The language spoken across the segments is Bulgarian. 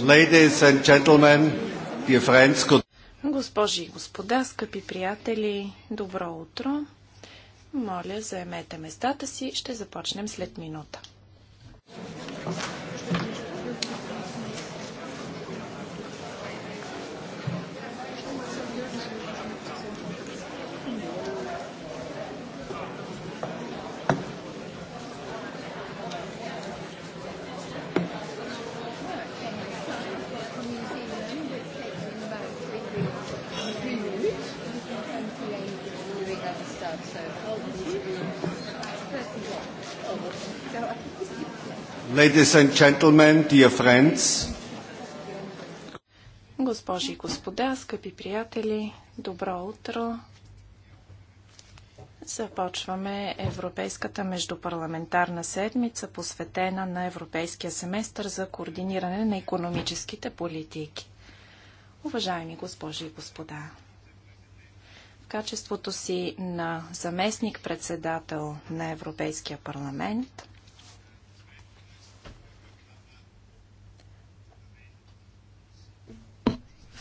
Ladies and gentlemen, dear friends, good... Госпожи и господа, скъпи приятели, добро утро. Моля, заемете местата си. Ще започнем след минута. Thank you. Ladies and gentlemen, dear friends. Госпожи и господа, скъпи приятели, добро утро! Започваме Европейската междупарламентарна седмица, посветена на Европейския семестър за координиране на економическите политики. Уважаеми госпожи и господа, в качеството си на заместник-председател на Европейския парламент –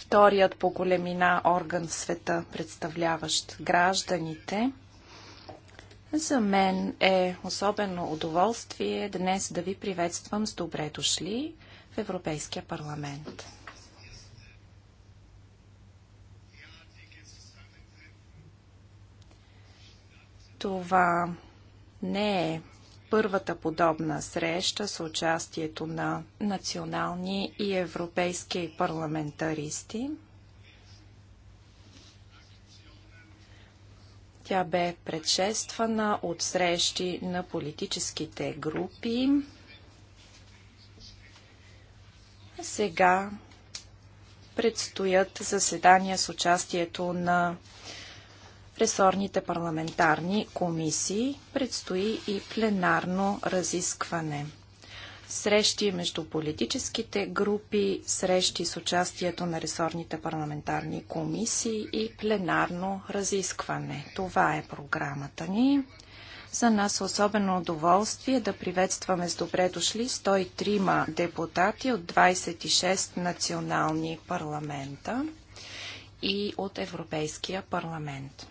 вторият по големина орган в света, представляващ гражданите. За мен е особено удоволствие днес да ви приветствам с добре дошли в Европейския парламент. Това не е първата подобна среща с участието на национални и европейски парламентаристи. Тя бе предшествана от срещи на политическите групи. Сега предстоят заседания с участието на ресорните парламентарни комисии. Предстои и пленарно разискване. Срещи между политическите групи, срещи с участието на ресорните парламентарни комисии и пленарно разискване. Това е програмата ни. За нас е особено удоволствие да приветстваме с добре дошли 103 депутати от 26 национални парламента и от Европейския парламент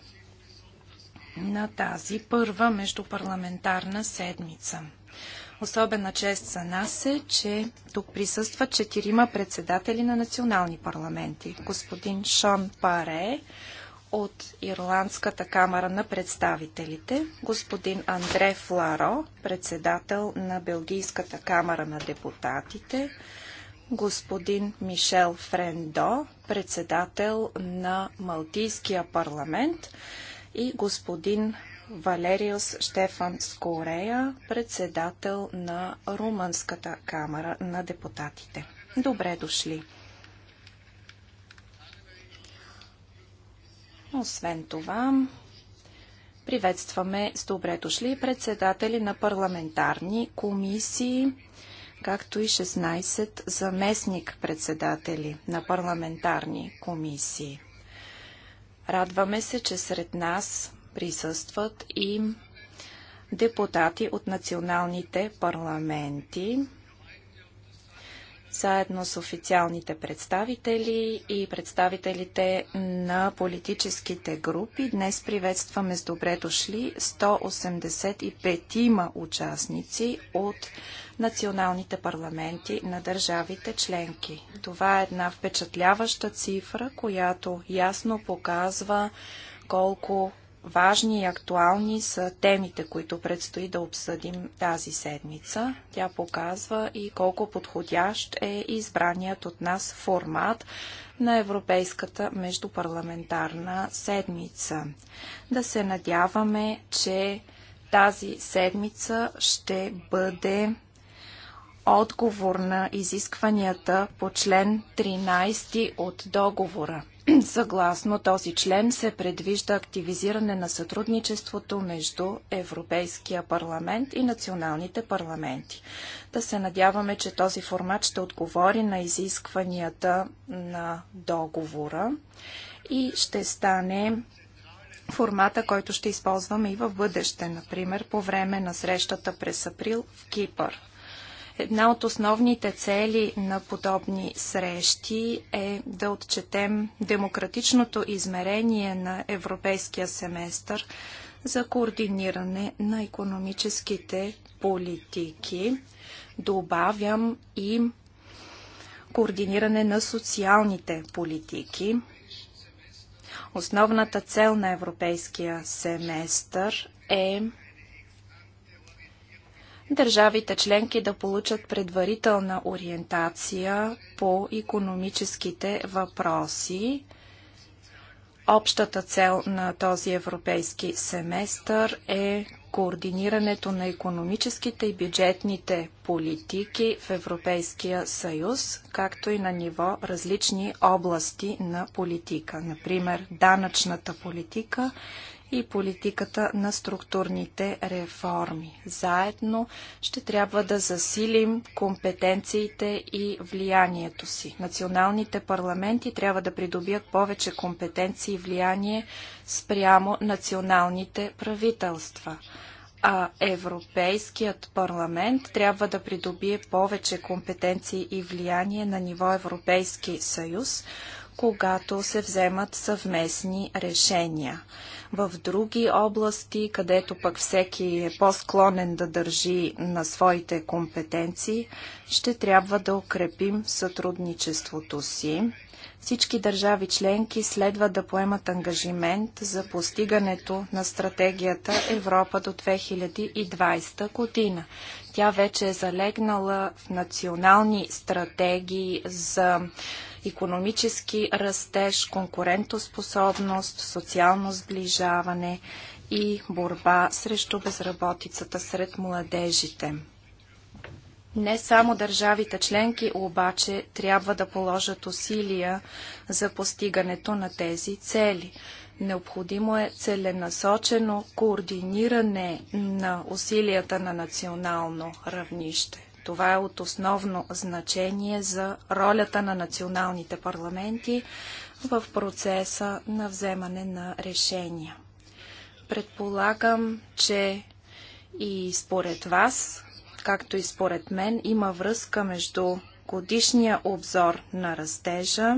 на тази първа междупарламентарна седмица. Особена чест за нас е, че тук присъстват четирима председатели на национални парламенти. Господин Шон Паре от Ирландската камера на представителите, господин Андре Фларо, председател на Белгийската камера на депутатите, господин Мишел Френдо, председател на Малтийския парламент, и господин Валериус Штефан Скорея, председател на Румънската камера на депутатите. Добре дошли! Освен това, приветстваме с добре дошли председатели на парламентарни комисии, както и 16 заместник-председатели на парламентарни комисии. Радваме се, че сред нас присъстват и депутати от националните парламенти заедно с официалните представители и представителите на политическите групи. Днес приветстваме с добре дошли 185 участници от националните парламенти на държавите членки. Това е една впечатляваща цифра, която ясно показва колко Важни и актуални са темите, които предстои да обсъдим тази седмица. Тя показва и колко подходящ е избраният от нас формат на Европейската междупарламентарна седмица. Да се надяваме, че тази седмица ще бъде отговор на изискванията по член 13 от договора – Съгласно този член се предвижда активизиране на сътрудничеството между Европейския парламент и националните парламенти. Да се надяваме, че този формат ще отговори на изискванията на договора и ще стане формата, който ще използваме и в бъдеще, например по време на срещата през април в Кипър. Една от основните цели на подобни срещи е да отчетем демократичното измерение на европейския семестър за координиране на економическите политики. Добавям и координиране на социалните политики. Основната цел на европейския семестър е държавите членки да получат предварителна ориентация по економическите въпроси. Общата цел на този европейски семестър е координирането на економическите и бюджетните политики в Европейския съюз, както и на ниво различни области на политика, например данъчната политика, и политиката на структурните реформи. Заедно ще трябва да засилим компетенциите и влиянието си. Националните парламенти трябва да придобият повече компетенции и влияние спрямо националните правителства а Европейският парламент трябва да придобие повече компетенции и влияние на ниво Европейски съюз, когато се вземат съвместни решения в други области, където пък всеки е по-склонен да държи на своите компетенции, ще трябва да укрепим сътрудничеството си. Всички държави членки следва да поемат ангажимент за постигането на стратегията Европа до 2020 година. Тя вече е залегнала в национални стратегии за економически растеж, конкурентоспособност, социално сближаване и борба срещу безработицата сред младежите. Не само държавите членки обаче трябва да положат усилия за постигането на тези цели. Необходимо е целенасочено координиране на усилията на национално равнище. Това е от основно значение за ролята на националните парламенти в процеса на вземане на решения. Предполагам, че и според вас, както и според мен, има връзка между годишния обзор на растежа,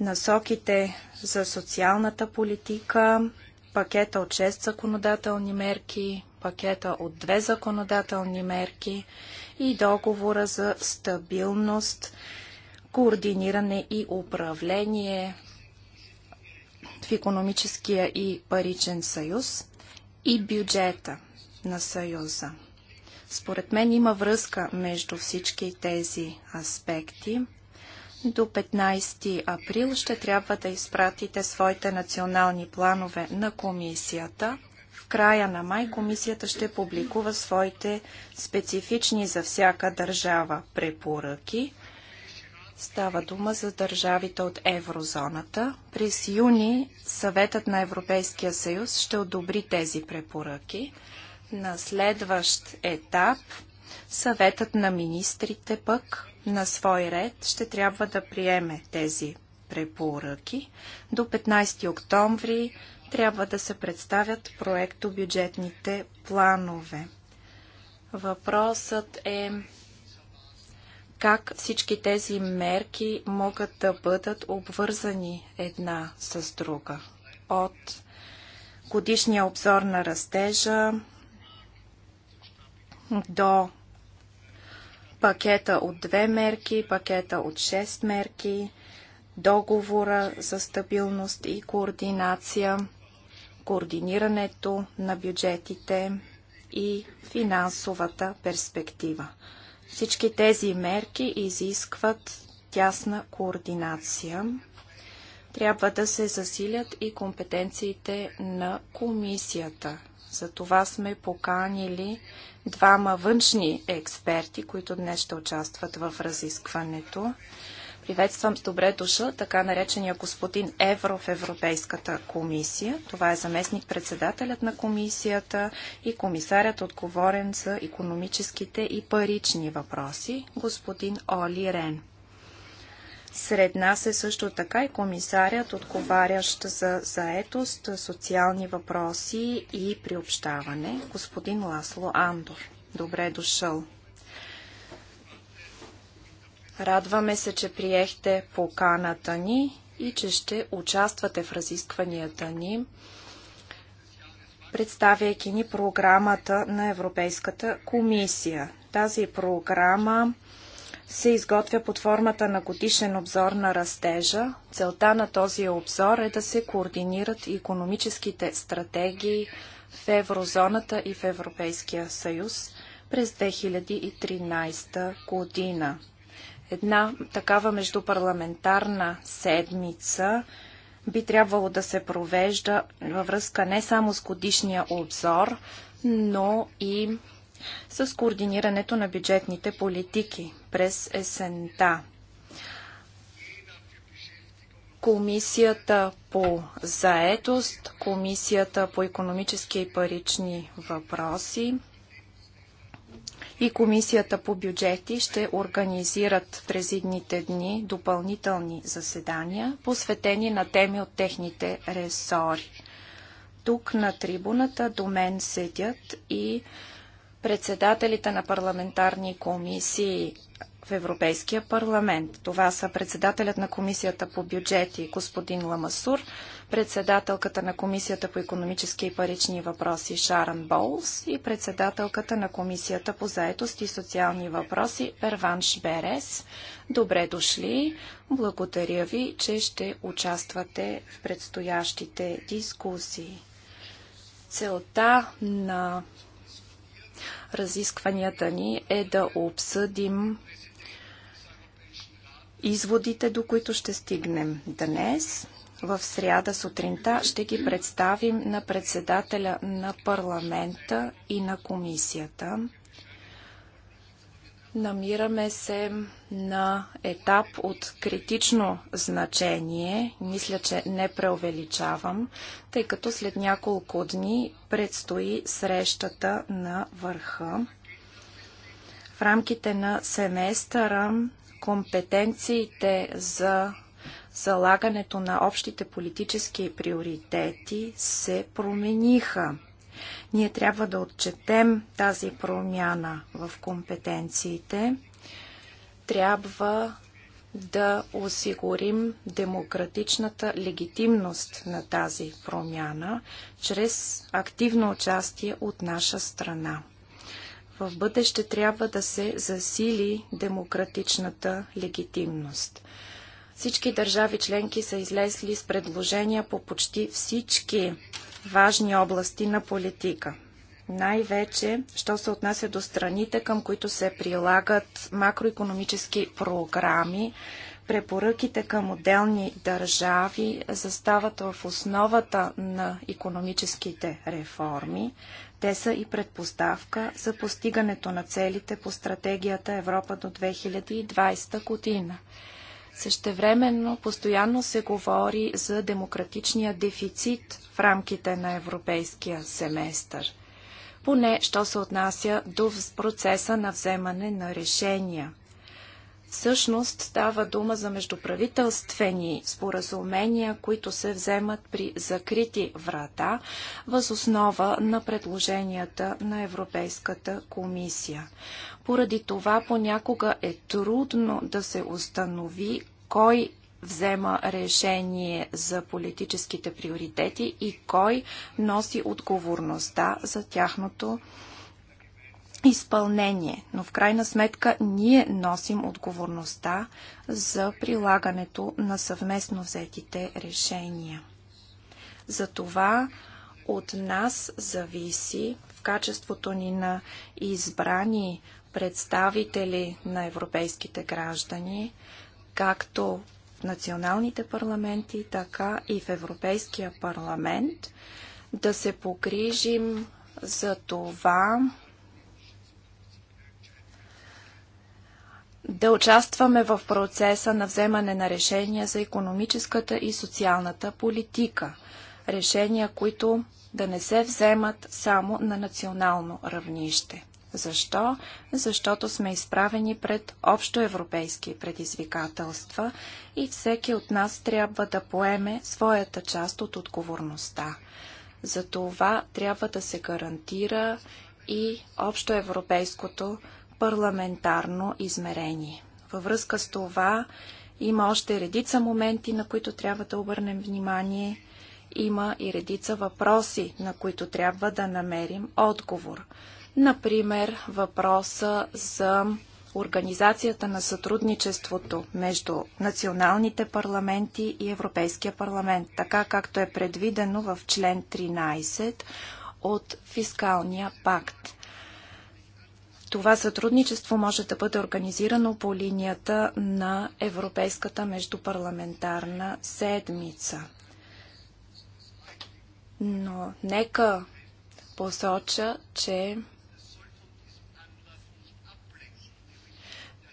насоките за социалната политика, пакета от 6 законодателни мерки, пакета от две законодателни мерки и договора за стабилност, координиране и управление в економическия и паричен съюз и бюджета на съюза. Според мен има връзка между всички тези аспекти. До 15 април ще трябва да изпратите своите национални планове на комисията – края на май комисията ще публикува своите специфични за всяка държава препоръки. Става дума за държавите от еврозоната. През юни съветът на Европейския съюз ще одобри тези препоръки. На следващ етап съветът на министрите пък на свой ред ще трябва да приеме тези препоръки. До 15 октомври трябва да се представят проекто бюджетните планове. Въпросът е как всички тези мерки могат да бъдат обвързани една с друга. От годишния обзор на растежа до пакета от две мерки, пакета от шест мерки, договора за стабилност и координация – координирането на бюджетите и финансовата перспектива. Всички тези мерки изискват тясна координация. Трябва да се засилят и компетенциите на комисията. За това сме поканили двама външни експерти, които днес ще участват в разискването. Приветствам с добре е душа така наречения господин Евро в Европейската комисия. Това е заместник председателят на комисията и комисарят отговорен за економическите и парични въпроси, господин Оли Рен. Сред нас е също така и комисарят, отговарящ за заетост, социални въпроси и приобщаване, господин Ласло Андор. Добре е дошъл! Радваме се, че приехте поканата ни и че ще участвате в разискванията ни, представяйки ни програмата на Европейската комисия. Тази програма се изготвя под формата на годишен обзор на растежа. Целта на този обзор е да се координират економическите стратегии в еврозоната и в Европейския съюз през 2013 година. Една такава междупарламентарна седмица би трябвало да се провежда във връзка не само с годишния обзор, но и с координирането на бюджетните политики през есента. Комисията по заетост, Комисията по економически и парични въпроси, и Комисията по бюджети ще организират през едните дни допълнителни заседания, посветени на теми от техните ресори. Тук на трибуната до мен седят и председателите на парламентарни комисии в Европейския парламент. Това са председателят на Комисията по бюджети господин Ламасур, председателката на Комисията по економически и парични въпроси Шаран Боулс и председателката на Комисията по заетост и социални въпроси Перванш Берес. Добре дошли! Благодаря ви, че ще участвате в предстоящите дискусии. Целта на разискванията ни е да обсъдим изводите, до които ще стигнем днес. В сряда сутринта ще ги представим на председателя на парламента и на комисията. Намираме се на етап от критично значение. Мисля, че не преувеличавам, тъй като след няколко дни предстои срещата на върха. В рамките на семестъра компетенциите за залагането на общите политически приоритети се промениха. Ние трябва да отчетем тази промяна в компетенциите. Трябва да осигурим демократичната легитимност на тази промяна чрез активно участие от наша страна в бъдеще трябва да се засили демократичната легитимност. Всички държави членки са излезли с предложения по почти всички важни области на политика. Най-вече, що се отнася до страните, към които се прилагат макроекономически програми, препоръките към отделни държави застават в основата на економическите реформи. Те са и предпоставка за постигането на целите по стратегията Европа до 2020 година. Същевременно постоянно се говори за демократичния дефицит в рамките на европейския семестър. Поне, що се отнася до процеса на вземане на решения. Всъщност става дума за междуправителствени споразумения, които се вземат при закрити врата, възоснова на предложенията на Европейската комисия. Поради това понякога е трудно да се установи кой взема решение за политическите приоритети и кой носи отговорността за тяхното изпълнение, но в крайна сметка ние носим отговорността за прилагането на съвместно взетите решения. Затова от нас зависи в качеството ни на избрани представители на европейските граждани, както в националните парламенти, така и в Европейския парламент, да се погрижим за това да участваме в процеса на вземане на решения за економическата и социалната политика. Решения, които да не се вземат само на национално равнище. Защо? Защото сме изправени пред общоевропейски предизвикателства и всеки от нас трябва да поеме своята част от отговорността. За това трябва да се гарантира и общоевропейското европейското парламентарно измерение. Във връзка с това има още редица моменти, на които трябва да обърнем внимание. Има и редица въпроси, на които трябва да намерим отговор. Например, въпроса за организацията на сътрудничеството между националните парламенти и Европейския парламент, така както е предвидено в член 13 от фискалния пакт. Това сътрудничество може да бъде организирано по линията на Европейската междупарламентарна седмица. Но нека посоча, че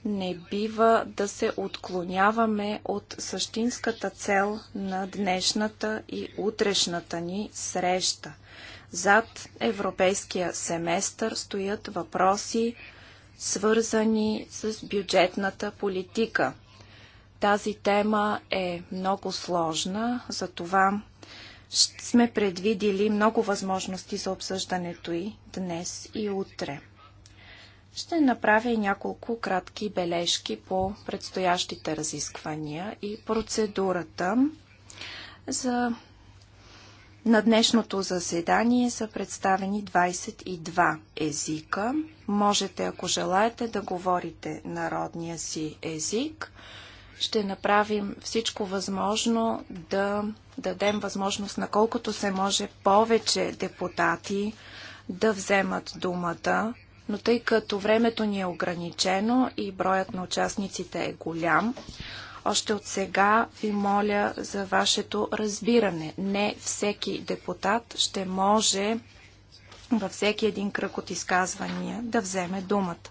не бива да се отклоняваме от същинската цел на днешната и утрешната ни среща – зад европейския семестър стоят въпроси, свързани с бюджетната политика. Тази тема е много сложна, затова сме предвидили много възможности за обсъждането и днес и утре. Ще направя няколко кратки бележки по предстоящите разисквания и процедурата. За на днешното заседание са представени 22 езика. Можете, ако желаете, да говорите народния си език. Ще направим всичко възможно да дадем възможност на колкото се може повече депутати да вземат думата, но тъй като времето ни е ограничено и броят на участниците е голям, още от сега ви моля за вашето разбиране. Не всеки депутат ще може във всеки един кръг от изказвания да вземе думата.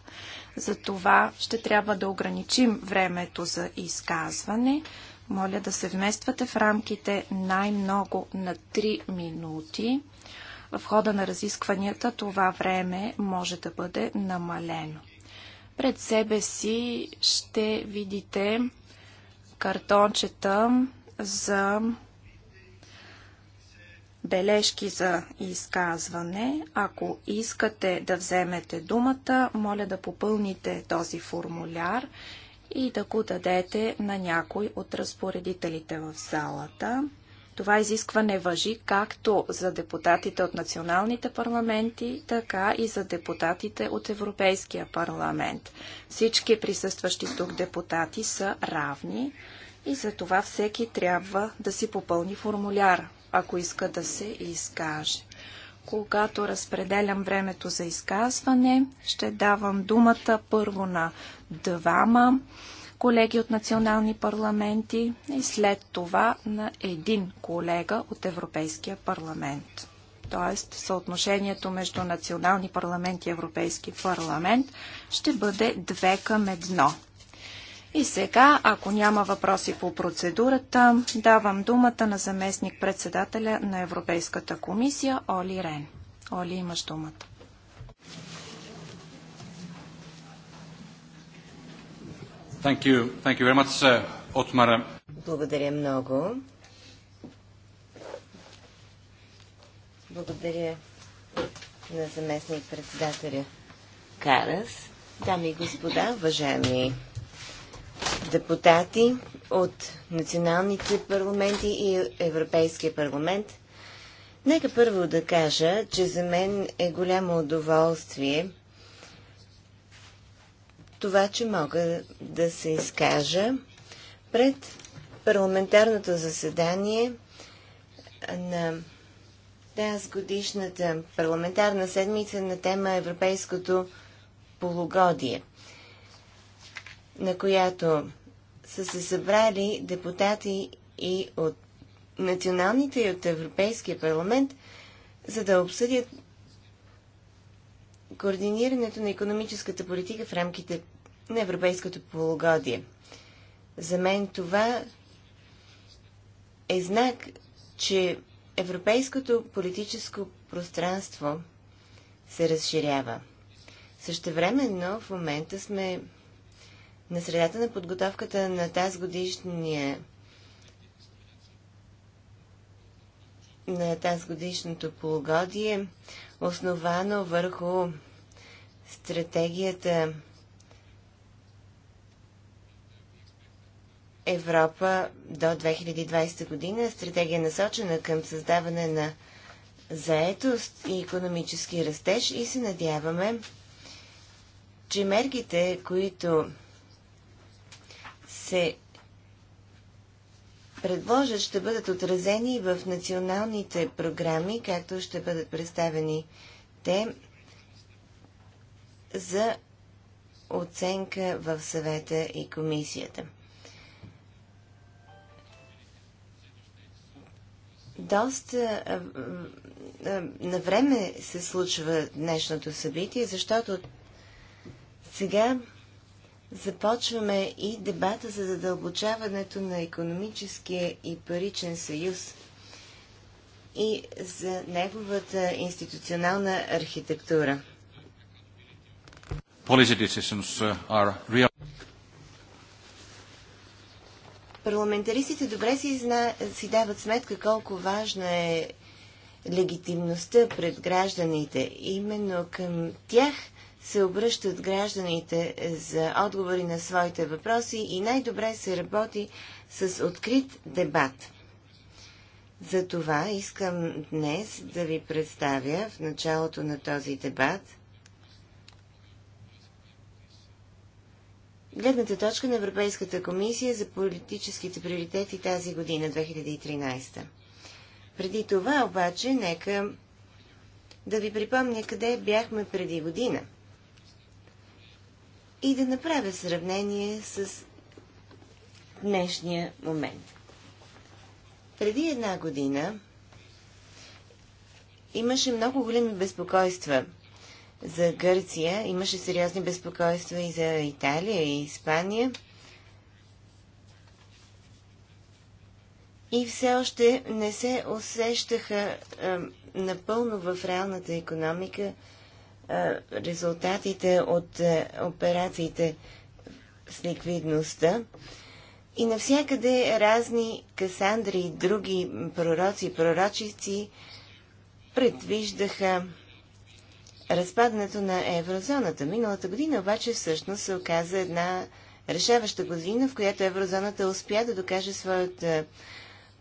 Затова ще трябва да ограничим времето за изказване. Моля да се вмествате в рамките най-много на 3 минути. В хода на разискванията това време може да бъде намалено. Пред себе си ще видите картончета за бележки за изказване. Ако искате да вземете думата, моля да попълните този формуляр и да го дадете на някой от разпоредителите в залата. Това изискване въжи както за депутатите от националните парламенти, така и за депутатите от Европейския парламент. Всички присъстващи тук депутати са равни и за това всеки трябва да си попълни формуляр, ако иска да се изкаже. Когато разпределям времето за изказване, ще давам думата първо на двама колеги от национални парламенти и след това на един колега от Европейския парламент. Тоест съотношението между национални парламент и Европейски парламент ще бъде 2 към 1. И сега, ако няма въпроси по процедурата, давам думата на заместник председателя на Европейската комисия Оли Рен. Оли, имаш думата. Thank you. Thank you very much, Otmar. Um, Благодаря много. Благодаря на заместник председателя Карас. Дами и господа, уважаеми депутати от националните парламенти и Европейския парламент, нека първо да кажа, че за мен е голямо удоволствие – това, че мога да се изкажа пред парламентарното заседание на тази годишната парламентарна седмица на тема Европейското полугодие, на която са се събрали депутати и от националните и от Европейския парламент, за да обсъдят координирането на економическата политика в рамките на европейското полугодие. За мен това е знак, че европейското политическо пространство се разширява. Същевременно в момента сме на средата на подготовката на тази годишния на тази годишното полугодие основано върху стратегията Европа до 2020 година, стратегия насочена към създаване на заетост и економически растеж и се надяваме, че мерките, които се предложат, ще бъдат отразени в националните програми, както ще бъдат представени те за оценка в съвета и комисията. Доста на време се случва днешното събитие, защото сега започваме и дебата за задълбочаването на економическия и паричен съюз и за неговата институционална архитектура. Uh, Парламентаристите добре си, зна... си дават сметка колко важна е легитимността пред гражданите. Именно към тях – се обръщат гражданите за отговори на своите въпроси и най-добре се работи с открит дебат. За това искам днес да ви представя в началото на този дебат гледната точка на Европейската комисия за политическите приоритети тази година, 2013. Преди това обаче, нека да ви припомня къде бяхме преди година – и да направя сравнение с днешния момент. Преди една година имаше много големи безпокойства за Гърция, имаше сериозни безпокойства и за Италия и Испания. И все още не се усещаха е, напълно в реалната економика резултатите от операциите с ликвидността. И навсякъде разни Касандри и други пророци и пророчици предвиждаха разпадането на еврозоната. Миналата година обаче всъщност се оказа една решаваща година, в която еврозоната успя да докаже своята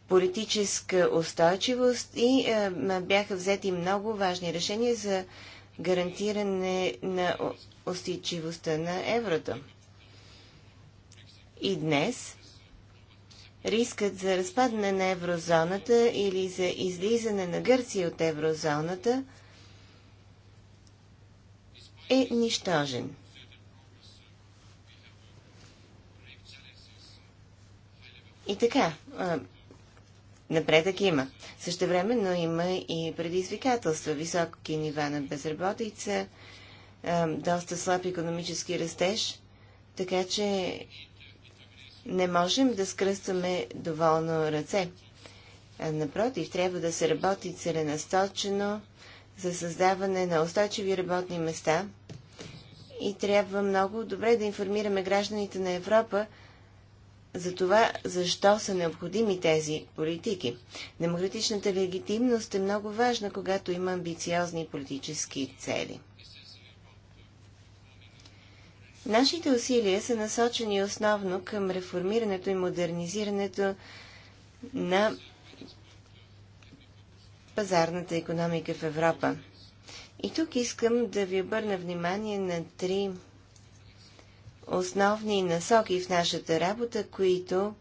политическа устойчивост и е, бяха взети много важни решения за гарантиране на устойчивостта на еврото. И днес рискът за разпадане на еврозоната или за излизане на Гърция от еврозоната е нищожен. И така, Напредък има. Също време, но има и предизвикателства. Високи нива на безработица, доста слаб економически растеж, така че не можем да скръстваме доволно ръце. напротив, трябва да се работи целенасточено за създаване на устойчиви работни места и трябва много добре да информираме гражданите на Европа за това, защо са необходими тези политики. Демократичната легитимност е много важна, когато има амбициозни политически цели. Нашите усилия са насочени основно към реформирането и модернизирането на пазарната економика в Европа. И тук искам да ви обърна внимание на три основни насоки в нашата работа, които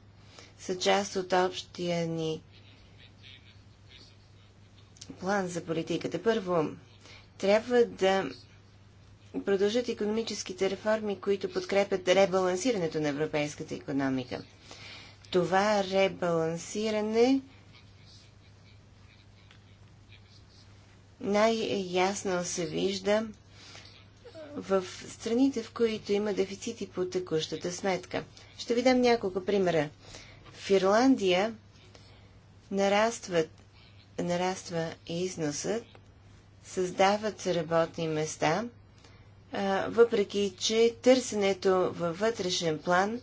са част от общия ни план за политиката. Първо, трябва да продължат економическите реформи, които подкрепят ребалансирането на европейската економика. Това ребалансиране най-ясно се вижда в страните, в които има дефицити по текущата сметка. Ще ви дам няколко примера. В Ирландия нарастват, нараства износът, създават се работни места, въпреки че търсенето във вътрешен план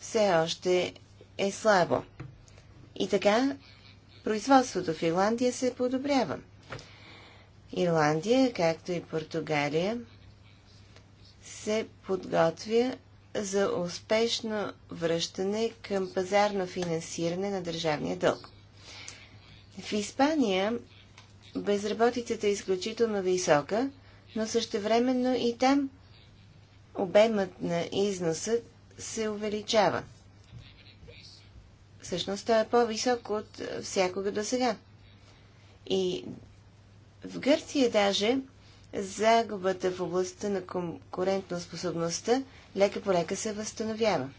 все още е слабо. И така, производството в Ирландия се подобрява. Ирландия, както и Португалия, се подготвя за успешно връщане към пазарно финансиране на държавния дълг. В Испания безработицата е изключително висока, но същевременно и там обемът на износа се увеличава. Всъщност той е по-висок от всякога до сега. И в Гърция даже загубата в областта на конкурентна способността лека по лека се възстановява.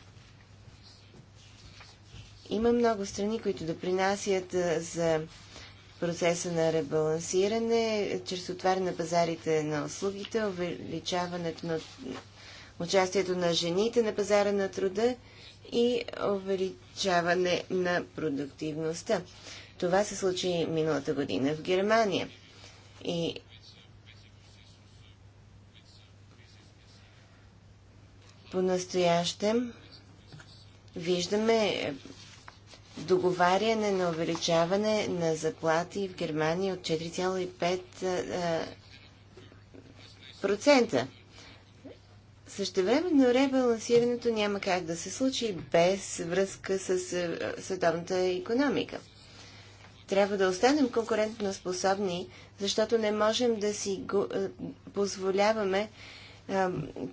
Има много страни, които допринасят за процеса на ребалансиране, чрез отваряне на пазарите на услугите, увеличаването на участието на жените на пазара на труда и увеличаване на продуктивността. Това се случи миналата година в Германия. И По-настоящем виждаме договаряне на увеличаване на заплати в Германия от 4,5%. Същевременно ребалансирането няма как да се случи без връзка с световната економика. Трябва да останем конкурентно способни, защото не можем да си позволяваме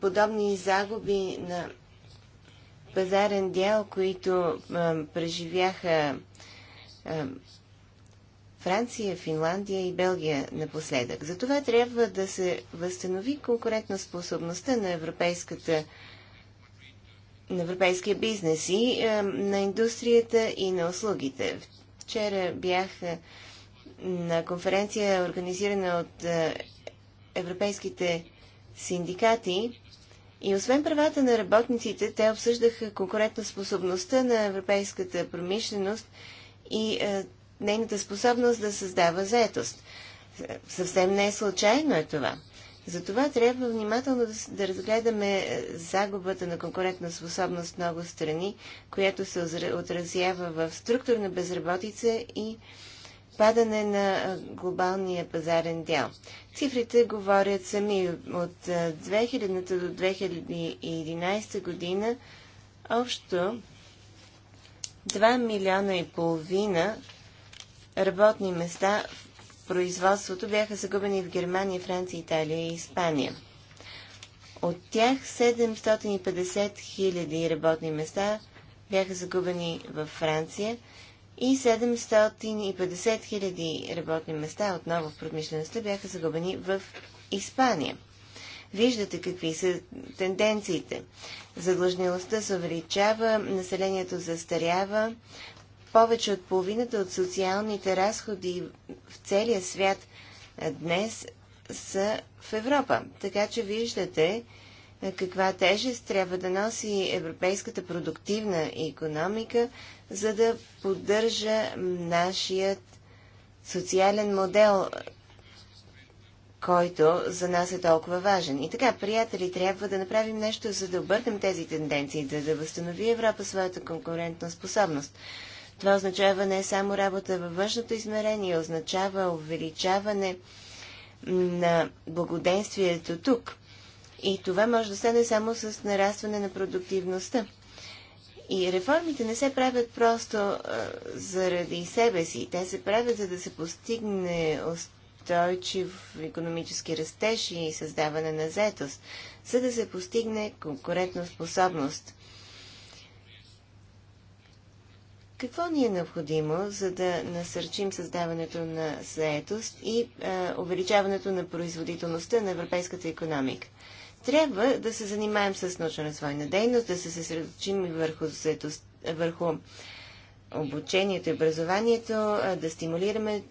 подобни загуби на пазарен дял, които преживяха Франция, Финландия и Белгия напоследък. Затова трябва да се възстанови конкурентна способността на европейската на европейския бизнес и е, на индустрията и на услугите. Вчера бях на конференция, организирана от е, европейските синдикати. И освен правата на работниците, те обсъждаха конкурентна способността на европейската промишленост и е, нейната способност да създава заетост. Съвсем не е случайно е това. Затова трябва внимателно да, да разгледаме е, загубата на конкурентна способност много страни, която се отразява в структурна безработица и падане на глобалния пазарен дял. Цифрите говорят сами от 2000 до 2011 година общо 2 милиона и половина работни места в производството бяха загубени в Германия, Франция, Италия и Испания. От тях 750 хиляди работни места бяха загубени във Франция – и 750 хиляди работни места отново в промишлеността бяха загубени в Испания. Виждате какви са тенденциите. Задлъжнилостта се увеличава, населението застарява, повече от половината от социалните разходи в целия свят днес са в Европа. Така че виждате, е, каква тежест трябва да носи европейската продуктивна економика, за да поддържа нашият социален модел, който за нас е толкова важен. И така, приятели, трябва да направим нещо, за да обърнем тези тенденции, да, да възстанови Европа своята конкурентна способност. Това означава не само работа във външното измерение, означава увеличаване на благоденствието тук – и това може да стане само с нарастване на продуктивността. И реформите не се правят просто а, заради себе си. Те се правят, за да се постигне устойчив економически растеж и създаване на заетост, за да се постигне конкурентна способност. Какво ни е необходимо, за да насърчим създаването на заетост и а, увеличаването на производителността на европейската економика? трябва да се занимаем с научно-развойна дейност, да се съсредоточим и върху, върху обучението и образованието, да стимулираме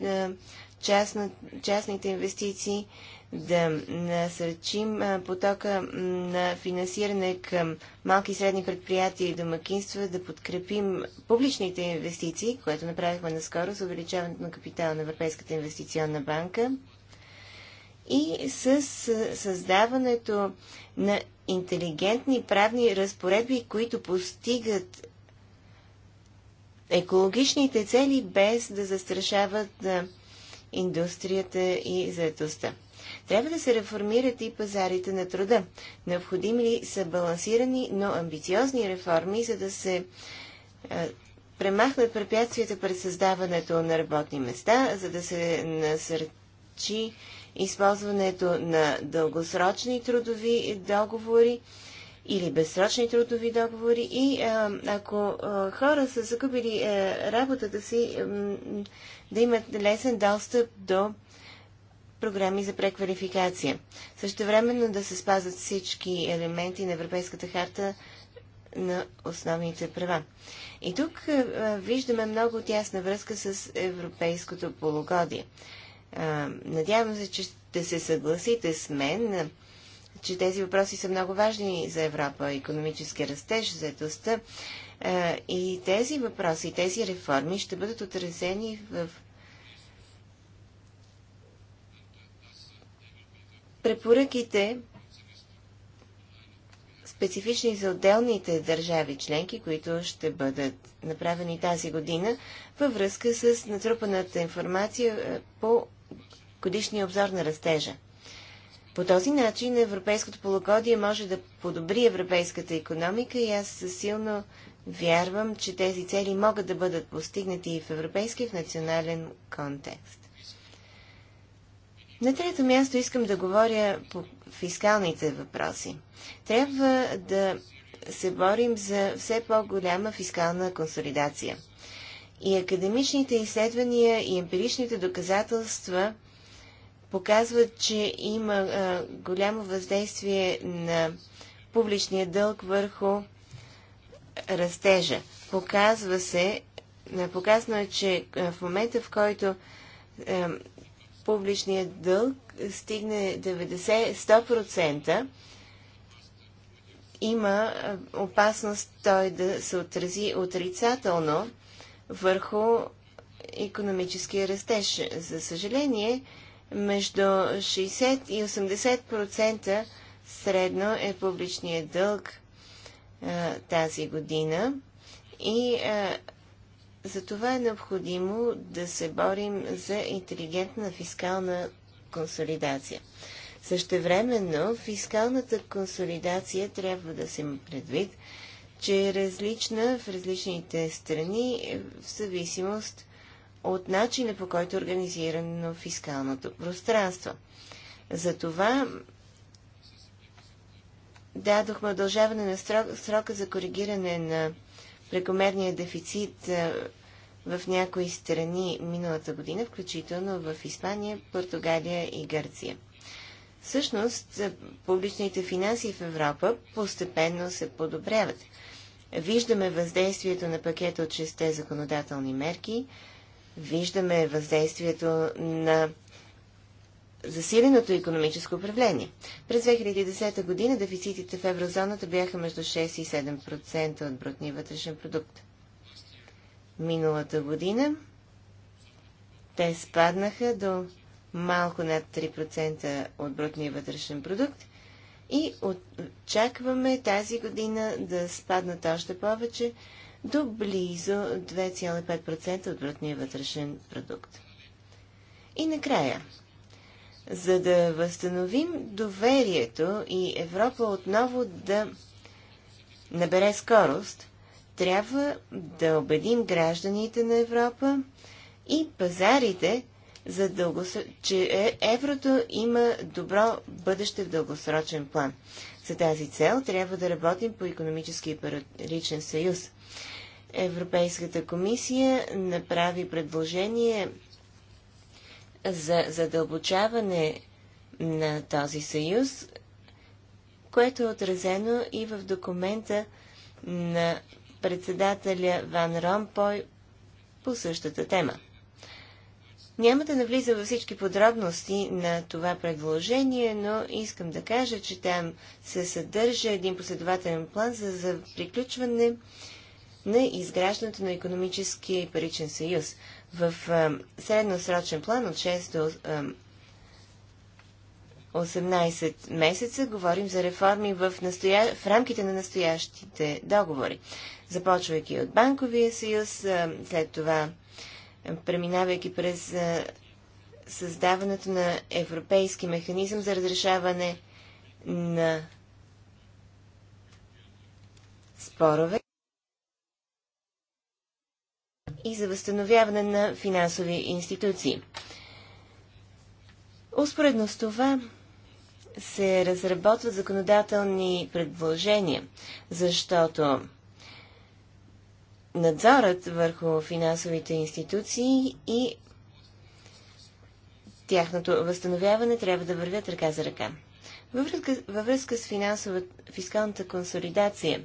частна, частните инвестиции, да насърчим потока на финансиране към малки и средни предприятия и домакинства, да подкрепим публичните инвестиции, което направихме наскоро с увеличаването на капитала на Европейската инвестиционна банка, и с създаването на интелигентни правни разпоредби, които постигат екологичните цели без да застрашават индустрията и заедостта. Трябва да се реформират и пазарите на труда. Необходими ли са балансирани, но амбициозни реформи, за да се а, премахнат препятствията пред създаването на работни места, за да се насърчи използването на дългосрочни трудови договори или безсрочни трудови договори и ако хора са загубили е, работата си, да имат лесен достъп до програми за преквалификация. Същевременно да се спазват всички елементи на Европейската харта на основните права. И тук е, е, виждаме много тясна връзка с европейското полугодие. Надявам се, че ще се съгласите с мен, че тези въпроси са много важни за Европа. Економически растеж, заедостта. И тези въпроси, тези реформи ще бъдат отразени в препоръките, специфични за отделните държави членки, които ще бъдат направени тази година във връзка с натрупаната информация по годишния обзор на растежа. По този начин европейското полугодие може да подобри европейската економика и аз силно вярвам, че тези цели могат да бъдат постигнати и в европейски, и в национален контекст. На трето място искам да говоря по фискалните въпроси. Трябва да се борим за все по-голяма фискална консолидация – и академичните изследвания и емпиричните доказателства показват, че има а, голямо въздействие на публичния дълг върху растежа. Показва се, показано е, че в момента, в който а, публичният дълг стигне 90-100%, има опасност той да се отрази отрицателно върху економическия растеж. За съжаление, между 60 и 80% средно е публичният дълг а, тази година и а, за това е необходимо да се борим за интелигентна фискална консолидация. Същевременно фискалната консолидация трябва да се предвид, че е различна в различните страни е, в зависимост от начина по който е организирано фискалното пространство. Затова дадохме удължаване на срока за коригиране на прекомерния дефицит е, в някои страни миналата година, включително в Испания, Португалия и Гърция. Всъщност, е, публичните финанси в Европа постепенно се подобряват. Виждаме въздействието на пакета от 6 законодателни мерки, виждаме въздействието на засиленото економическо управление. През 2010 година дефицитите в еврозоната бяха между 6 и 7% от брутния вътрешен продукт. Миналата година те спаднаха до малко над 3% от брутния вътрешен продукт и очакваме тази година да спаднат още повече до близо 2,5% от брутния вътрешен продукт. И накрая, за да възстановим доверието и Европа отново да набере скорост, трябва да убедим гражданите на Европа и пазарите, за дългоср... че е, еврото има добро бъдеще в дългосрочен план. За тази цел трябва да работим по економически и паричен съюз. Европейската комисия направи предложение за задълбочаване на този съюз, което е отразено и в документа на председателя Ван Ромпой по същата тема. Няма да навлиза във всички подробности на това предложение, но искам да кажа, че там се съдържа един последователен план за, за приключване на изграждането на економическия и паричен съюз. В а, средносрочен план от 6 до а, 18 месеца говорим за реформи в, настоя... в рамките на настоящите договори. Започвайки от Банковия съюз, а, след това преминавайки през създаването на европейски механизъм за разрешаване на спорове и за възстановяване на финансови институции. Успоредно с това се разработват законодателни предложения, защото надзорът върху финансовите институции и тяхното възстановяване трябва да вървят ръка за ръка. Във връзка, във връзка с финансовата фискалната консолидация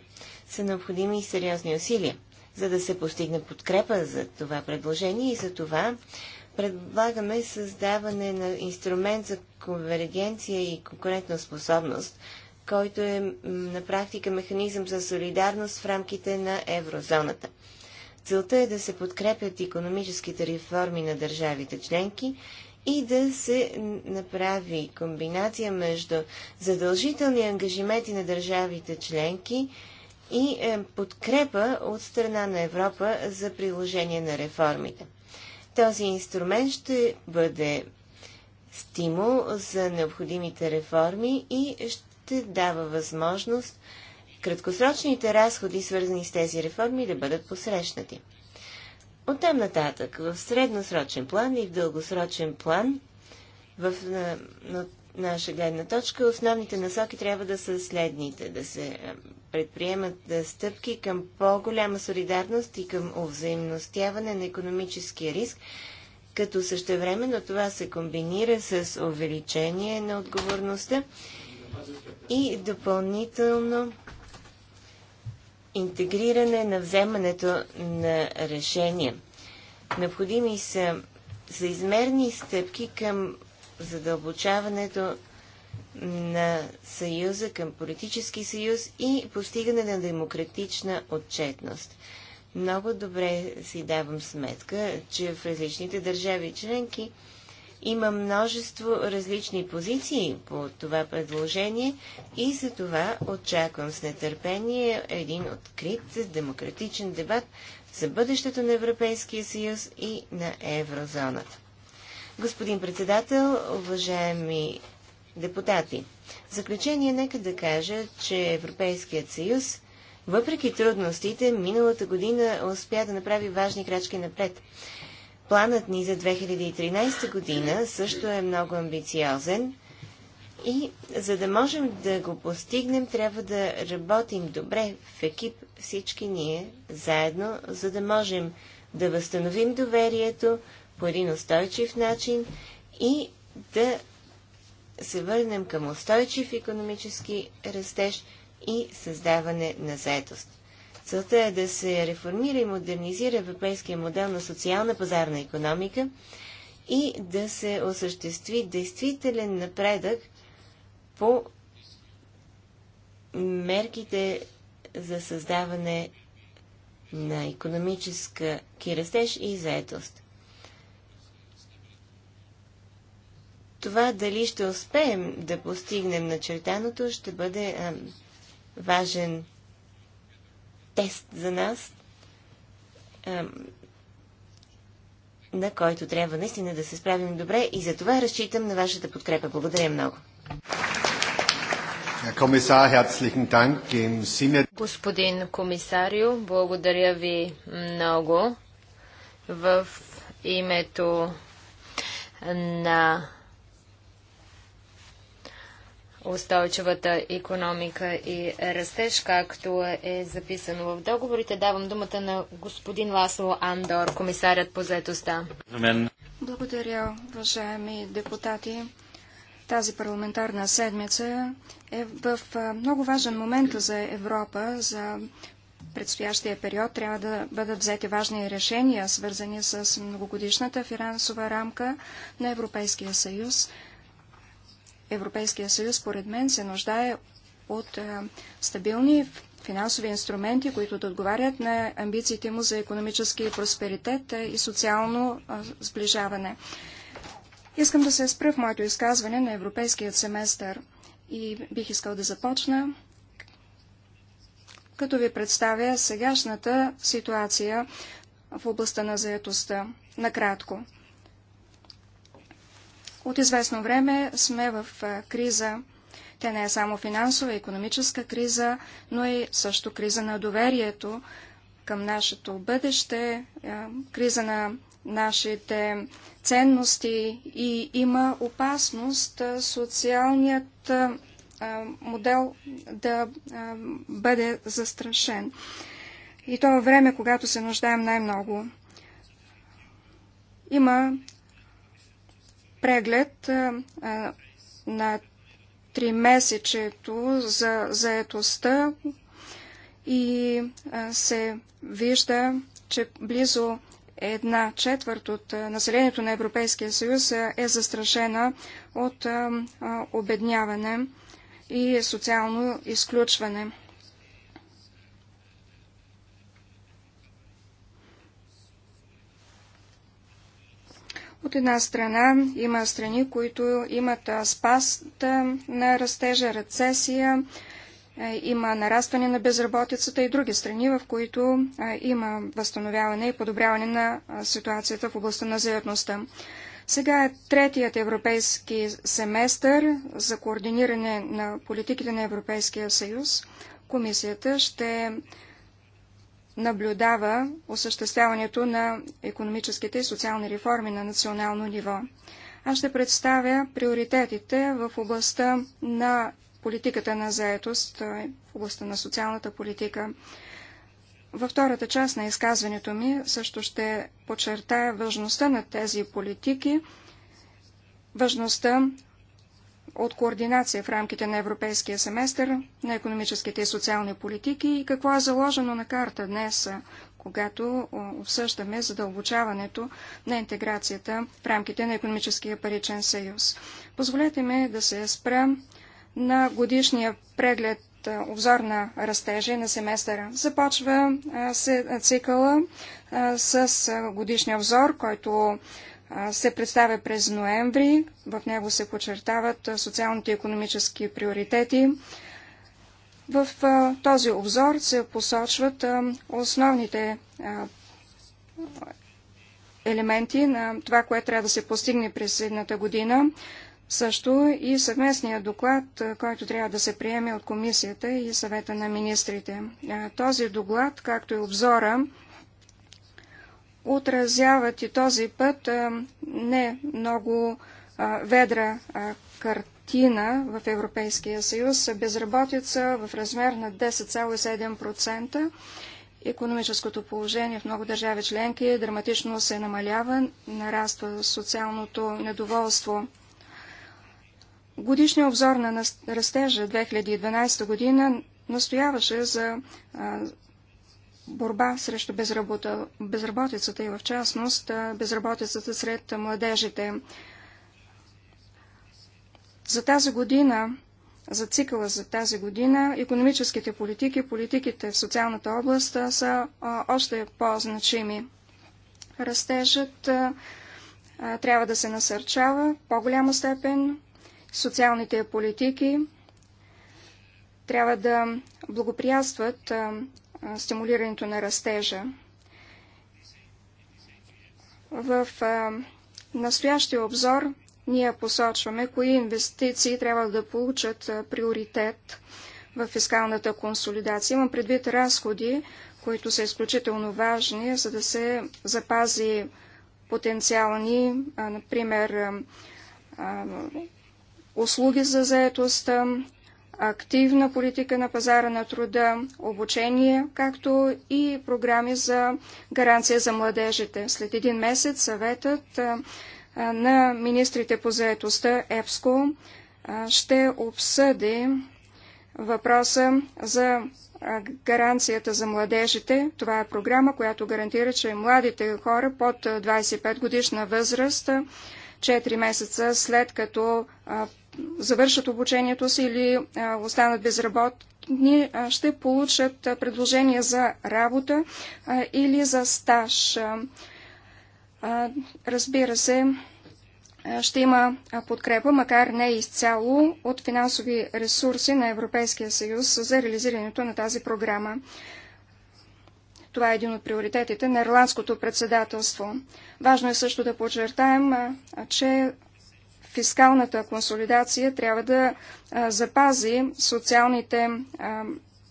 са необходими и сериозни усилия, за да се постигне подкрепа за това предложение и за това предлагаме създаване на инструмент за конвергенция и конкурентна способност, който е на практика механизъм за солидарност в рамките на еврозоната. Целта е да се подкрепят економическите реформи на държавите членки и да се направи комбинация между задължителни ангажименти на държавите членки и е, подкрепа от страна на Европа за приложение на реформите. Този инструмент ще бъде стимул за необходимите реформи и ще ще дава възможност краткосрочните разходи, свързани с тези реформи, да бъдат посрещнати. Оттам нататък, в средносрочен план и в дългосрочен план, в на, на, наша гледна точка, основните насоки трябва да са следните. Да се предприемат да стъпки към по-голяма солидарност и към овзаимностяване на економическия риск, като същевременно това се комбинира с увеличение на отговорността и допълнително интегриране на вземането на решения. Необходими са съизмерни стъпки към задълбочаването на Съюза към политически съюз и постигане на демократична отчетност. Много добре си давам сметка, че в различните държави членки има множество различни позиции по това предложение и за това очаквам с нетърпение един открит демократичен дебат за бъдещето на Европейския съюз и на еврозоната. Господин председател, уважаеми депутати, в заключение нека да кажа, че Европейският съюз – въпреки трудностите, миналата година успя да направи важни крачки напред. Планът ни за 2013 година също е много амбициозен и за да можем да го постигнем, трябва да работим добре в екип всички ние заедно, за да можем да възстановим доверието по един устойчив начин и да се върнем към устойчив економически растеж и създаване на заетост. Целта е да се реформира и модернизира европейския модел на социална пазарна економика и да се осъществи действителен напредък по мерките за създаване на економическа растеж и заетост. Това дали ще успеем да постигнем начертаното ще бъде а, важен тест за нас, на който трябва наистина да се справим добре и за това разчитам на вашата подкрепа. Благодаря много. Господин комисарио, благодаря ви много в името на устойчивата економика и растеж, както е записано в договорите. Давам думата на господин Ласло Андор, комисарят по заетостта. Благодаря, уважаеми депутати. Тази парламентарна седмица е в много важен момент за Европа, за предстоящия период трябва да бъдат взети важни решения, свързани с многогодишната финансова рамка на Европейския съюз – Европейския съюз, според мен, се нуждае от е, стабилни финансови инструменти, които да отговарят на амбициите му за економически просперитет е, и социално е, сближаване. Искам да се спра в моето изказване на европейският семестър и бих искал да започна като ви представя сегашната ситуация в областта на заетостта. Накратко. От известно време сме в криза. те не е само финансова, економическа криза, но и също криза на доверието към нашето бъдеще, криза на нашите ценности и има опасност социалният модел да бъде застрашен. И то е време, когато се нуждаем най-много. Има преглед на тримесечето за заетостта и се вижда, че близо една четвърт от населението на Европейския съюз е застрашена от обедняване и социално изключване. От една страна има страни, които имат спаст на растежа, рецесия, е, има нарастване на безработицата и други страни, в които има възстановяване и подобряване на ситуацията в областта на заедността. Сега е третият европейски семестър за координиране на политиките на Европейския съюз. Комисията ще наблюдава осъществяването на економическите и социални реформи на национално ниво. Аз ще представя приоритетите в областта на политиката на заетост, в областта на социалната политика. Във втората част на изказването ми също ще подчертая важността на тези политики, важността от координация в рамките на европейския семестър на економическите и социални политики и какво е заложено на карта днес, когато обсъждаме задълбочаването на интеграцията в рамките на економическия паричен съюз. Позволете ми да се спра на годишния преглед обзор на растежа на семестъра. Започва се цикъла с годишния обзор, който се представя през ноември. В него се подчертават социалните и економически приоритети. В този обзор се посочват основните елементи на това, което трябва да се постигне през едната година. Също и съвместния доклад, който трябва да се приеме от комисията и съвета на министрите. Този доклад, както и обзора, отразяват и този път не много ведра картина в Европейския съюз. Безработица в размер на 10,7%. Економическото положение в много държави членки драматично се намалява, нараства социалното недоволство. Годишният обзор на растежа 2012 година настояваше за борба срещу безработа, безработицата и в частност безработицата сред младежите. За тази година, за цикъла за тази година, економическите политики, политиките в социалната област са още по-значими. Растежът трябва да се насърчава в по-голяма степен. Социалните политики трябва да благоприятстват стимулирането на растежа. В настоящия обзор ние посочваме кои инвестиции трябва да получат приоритет в фискалната консолидация. Имам предвид разходи, които са изключително важни, за да се запази потенциални, например, услуги за заетостта, активна политика на пазара на труда, обучение, както и програми за гаранция за младежите. След един месец съветът на министрите по заетостта ЕПСКО ще обсъди въпроса за гаранцията за младежите. Това е програма, която гарантира, че младите хора под 25 годишна възраст 4 месеца след като завършат обучението си или останат безработни, ще получат предложение за работа или за стаж. Разбира се, ще има подкрепа, макар не изцяло, от финансови ресурси на Европейския съюз за реализирането на тази програма. Това е един от приоритетите на ирландското председателство. Важно е също да подчертаем, че фискалната консолидация трябва да запази социалните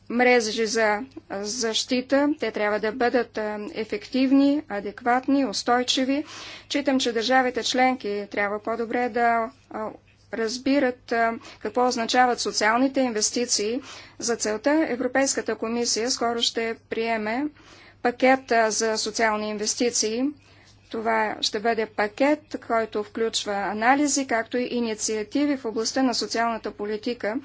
мрежи за защита. Те трябва да бъдат ефективни, адекватни, устойчиви. Читам, че държавите членки трябва по-добре да разбират какво означават социалните инвестиции. За целта Европейската комисия скоро ще приеме пакет за социални инвестиции. Това ще бъде пакет, който включва анализи, както и инициативи в областта на социалната политика,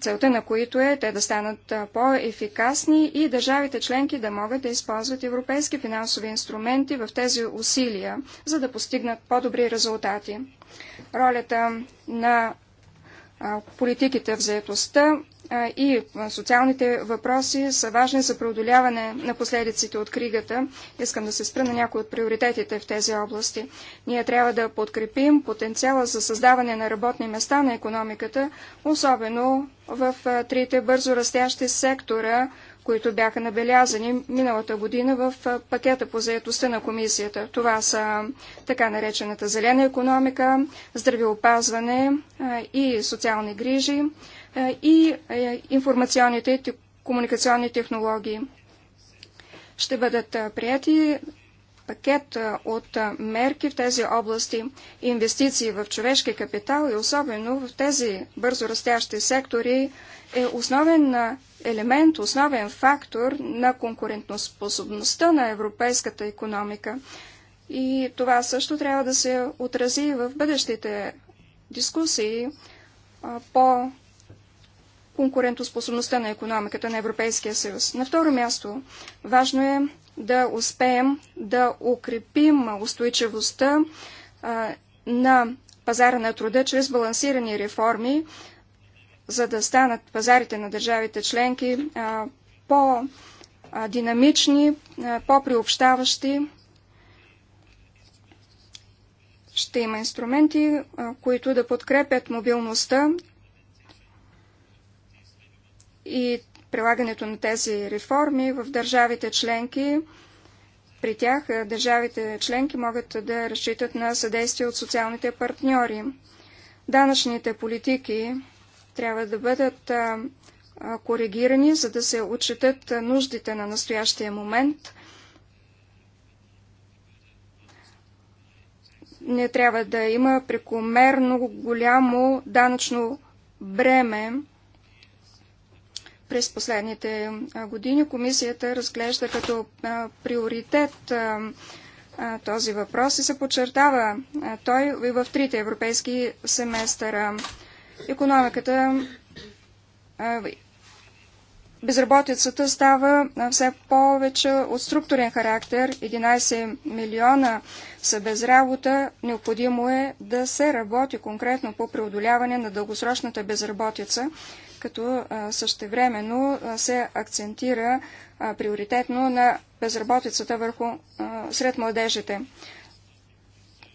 целта на които е те да станат по-ефикасни и държавите членки да могат да използват европейски финансови инструменти в тези усилия, за да постигнат по-добри резултати. Ролята на политиките в заетостта и социалните въпроси са важни за преодоляване на последиците от кригата. Искам да се спра на някои от приоритетите в тези области. Ние трябва да подкрепим потенциала за създаване на работни места на економиката, особено в трите бързо растящи сектора, които бяха набелязани миналата година в пакета по заедостта на комисията. Това са така наречената зелена економика, здравеопазване и социални грижи, и информационните и комуникационни технологии. Ще бъдат прияти пакет от мерки в тези области, инвестиции в човешки капитал и особено в тези бързо растящи сектори е основен елемент, основен фактор на конкурентоспособността на европейската економика. И това също трябва да се отрази в бъдещите дискусии по конкурентоспособността на економиката на Европейския съюз. На второ място, важно е да успеем да укрепим устойчивостта а, на пазара на труда чрез балансирани реформи, за да станат пазарите на държавите членки по-динамични, по-приобщаващи. Ще има инструменти, а, които да подкрепят мобилността и прилагането на тези реформи в държавите членки. При тях държавите членки могат да разчитат на съдействие от социалните партньори. Данъчните политики трябва да бъдат коригирани, за да се отчитат нуждите на настоящия момент. Не трябва да има прекомерно голямо данъчно бреме през последните години комисията разглежда като приоритет този въпрос и се подчертава той и в трите европейски семестъра. Економиката, безработицата става все повече от структурен характер. 11 милиона са без работа. Необходимо е да се работи конкретно по преодоляване на дългосрочната безработица като същевременно се акцентира приоритетно на безработицата върху сред младежите.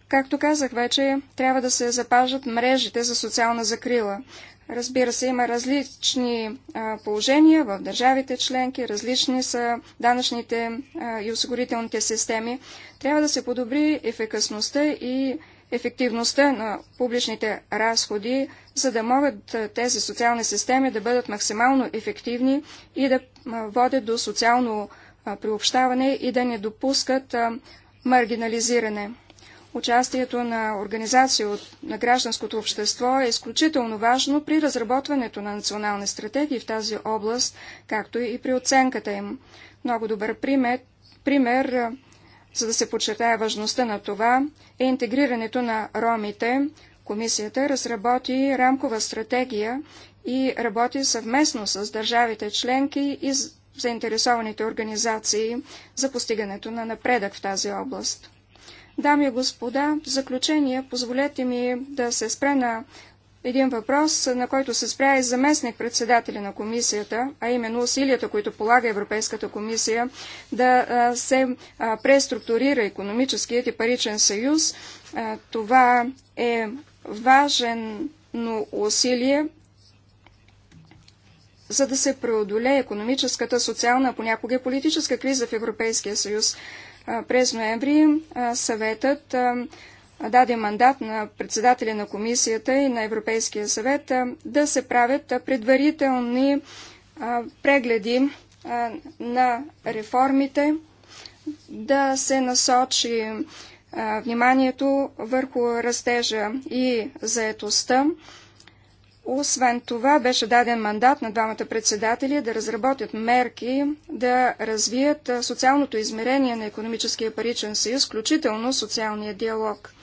Както казах вече, трябва да се запажат мрежите за социална закрила. Разбира се, има различни положения в държавите членки, различни са данъчните и осигурителните системи. Трябва да се подобри ефикасността и ефективността на публичните разходи, за да могат тези социални системи да бъдат максимално ефективни и да водят до социално приобщаване и да не допускат маргинализиране. Участието на организации от, на гражданското общество е изключително важно при разработването на национални стратегии в тази област, както и при оценката им. Много добър пример, пример за да се подчертая важността на това е интегрирането на ромите. Комисията разработи рамкова стратегия и работи съвместно с държавите членки и заинтересованите организации за постигането на напредък в тази област. Дами и господа, в заключение позволете ми да се спре на един въпрос, на който се спря и заместник председателя на комисията, а именно усилията, които полага Европейската комисия да се преструктурира економическият и паричен съюз. Това е важен усилие за да се преодолее економическата, социална, понякога и политическа криза в Европейския съюз. През ноември съветът даде мандат на председателя на комисията и на Европейския съвет да се правят предварителни прегледи на реформите, да се насочи вниманието върху растежа и заетостта. Освен това, беше даден мандат на двамата председатели да разработят мерки, да развият социалното измерение на економическия паричен съюз, включително социалния диалог.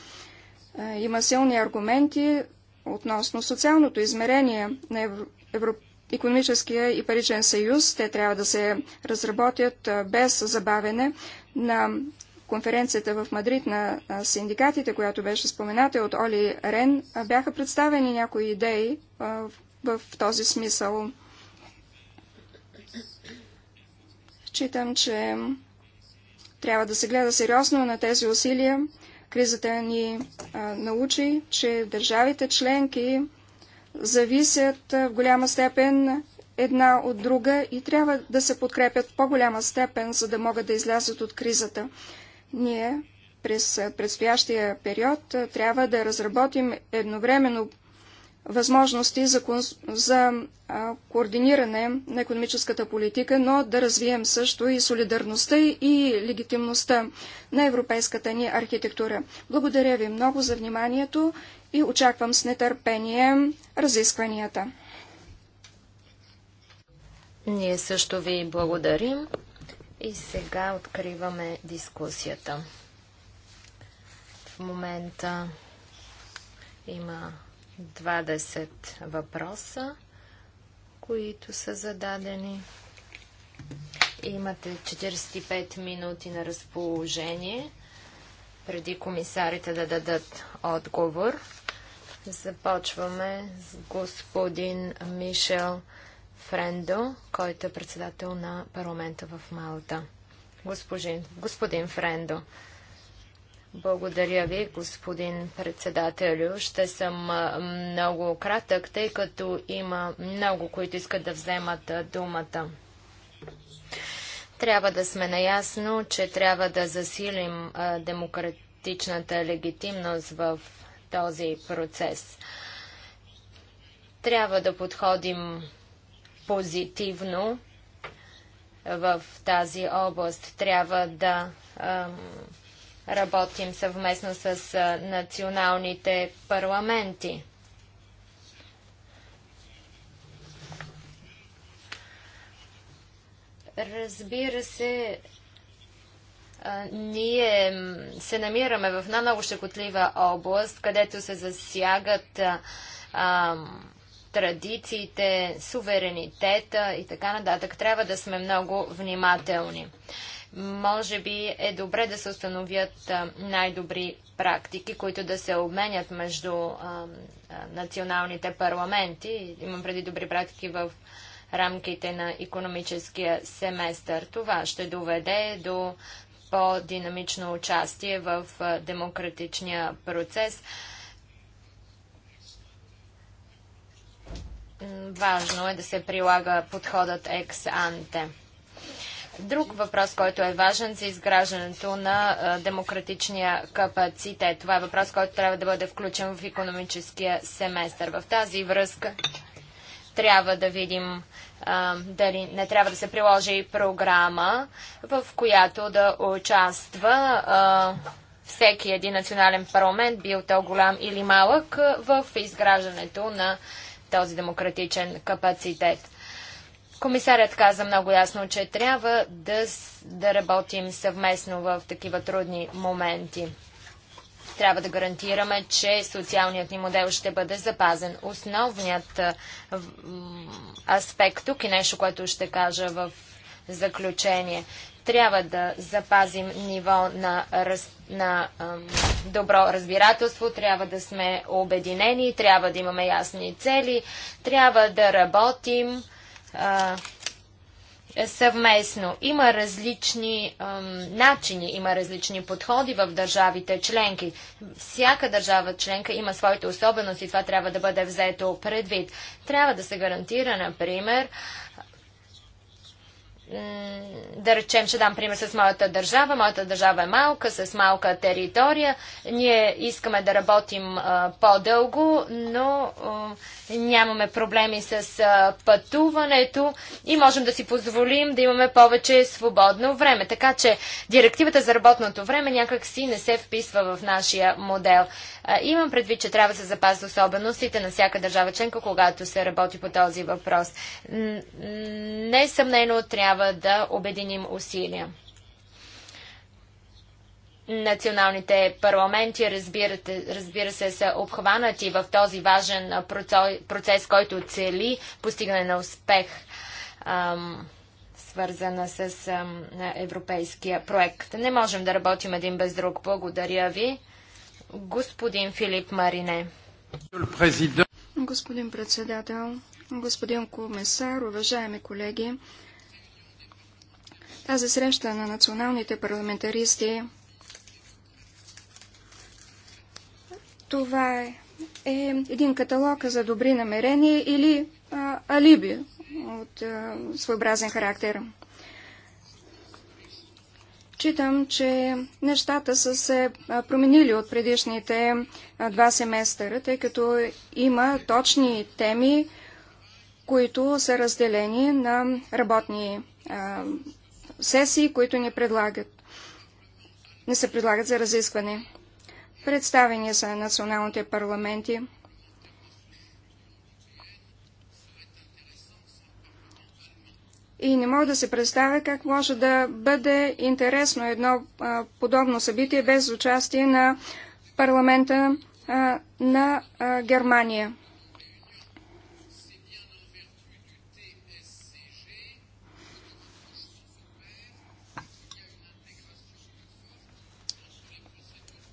Е, има силни аргументи относно социалното измерение на Европейския економическия и паричен съюз. Те трябва да се разработят е, без забавене на конференцията в Мадрид на е, синдикатите, която беше спомената от Оли Рен, бяха представени някои идеи в този смисъл. Читам, че трябва да се гледа сериозно на тези усилия Кризата ни а, научи, че държавите членки зависят в голяма степен една от друга и трябва да се подкрепят в по-голяма степен, за да могат да излязат от кризата. Ние през предстоящия период трябва да разработим едновременно възможности за, за а, координиране на економическата политика, но да развием също и солидарността и легитимността на европейската ни архитектура. Благодаря ви много за вниманието и очаквам с нетърпение разискванията. Ние също ви благодарим и сега откриваме дискусията. В момента има 20 въпроса, които са зададени. Имате 45 минути на разположение преди комисарите да дадат отговор. Започваме с господин Мишел Френдо, който е председател на парламента в Малта. Господин, господин Френдо, благодаря ви, господин председателю. Ще съм много кратък, тъй като има много, които искат да вземат думата. Трябва да сме наясно, че трябва да засилим демократичната легитимност в този процес. Трябва да подходим позитивно в тази област. Трябва да а, Работим съвместно с националните парламенти. Разбира се, ние се намираме в една много щекотлива област, където се засягат а, традициите, суверенитета и така нататък. Трябва да сме много внимателни може би е добре да се установят най-добри практики, които да се обменят между националните парламенти. Имам преди добри практики в рамките на економическия семестър. Това ще доведе до по-динамично участие в демократичния процес. Важно е да се прилага подходът екс-анте. Друг въпрос, който е важен за изграждането на демократичния капацитет. Това е въпрос, който трябва да бъде включен в економическия семестър. В тази връзка трябва да видим дали не трябва да се приложи програма, в която да участва всеки един национален парламент, бил то голям или малък, в изграждането на този демократичен капацитет. Комисарят каза много ясно, че трябва да, да работим съвместно в такива трудни моменти. Трябва да гарантираме, че социалният ни модел ще бъде запазен. Основният аспект тук и нещо, което ще кажа в заключение. Трябва да запазим ниво на, раз, на ам, добро разбирателство, трябва да сме обединени, трябва да имаме ясни цели, трябва да работим а, е съвместно. Има различни а, начини, има различни подходи в държавите членки. Всяка държава членка има своите особености и това трябва да бъде взето предвид. Трябва да се гарантира, например, а, да речем, ще дам пример с моята държава. Моята държава е малка, с малка територия. Ние искаме да работим по-дълго, но а, нямаме проблеми с а, пътуването и можем да си позволим да имаме повече свободно време. Така че директивата за работното време някак си не се вписва в нашия модел. А, имам предвид, че трябва да се запазят особеностите на всяка държава членка, когато се работи по този въпрос. Несъмнено трябва трябва да обединим усилия. Националните парламенти, разбирате, разбира се, са обхванати в този важен процес, който цели постигане на успех, свързана с европейския проект. Не можем да работим един без друг. Благодаря ви. Господин Филип Марине. Господин председател, господин комисар, уважаеми колеги, тази среща на националните парламентаристи, това е, е един каталог за добри намерения или а, алиби от а, своеобразен характер. Читам, че нещата са се променили от предишните два семестъра, тъй като има точни теми, които са разделени на работни а, сесии, които ни предлагат. Не се предлагат за разискване. Представени са националните парламенти. И не мога да се представя как може да бъде интересно едно а, подобно събитие без участие на парламента а, на а, Германия.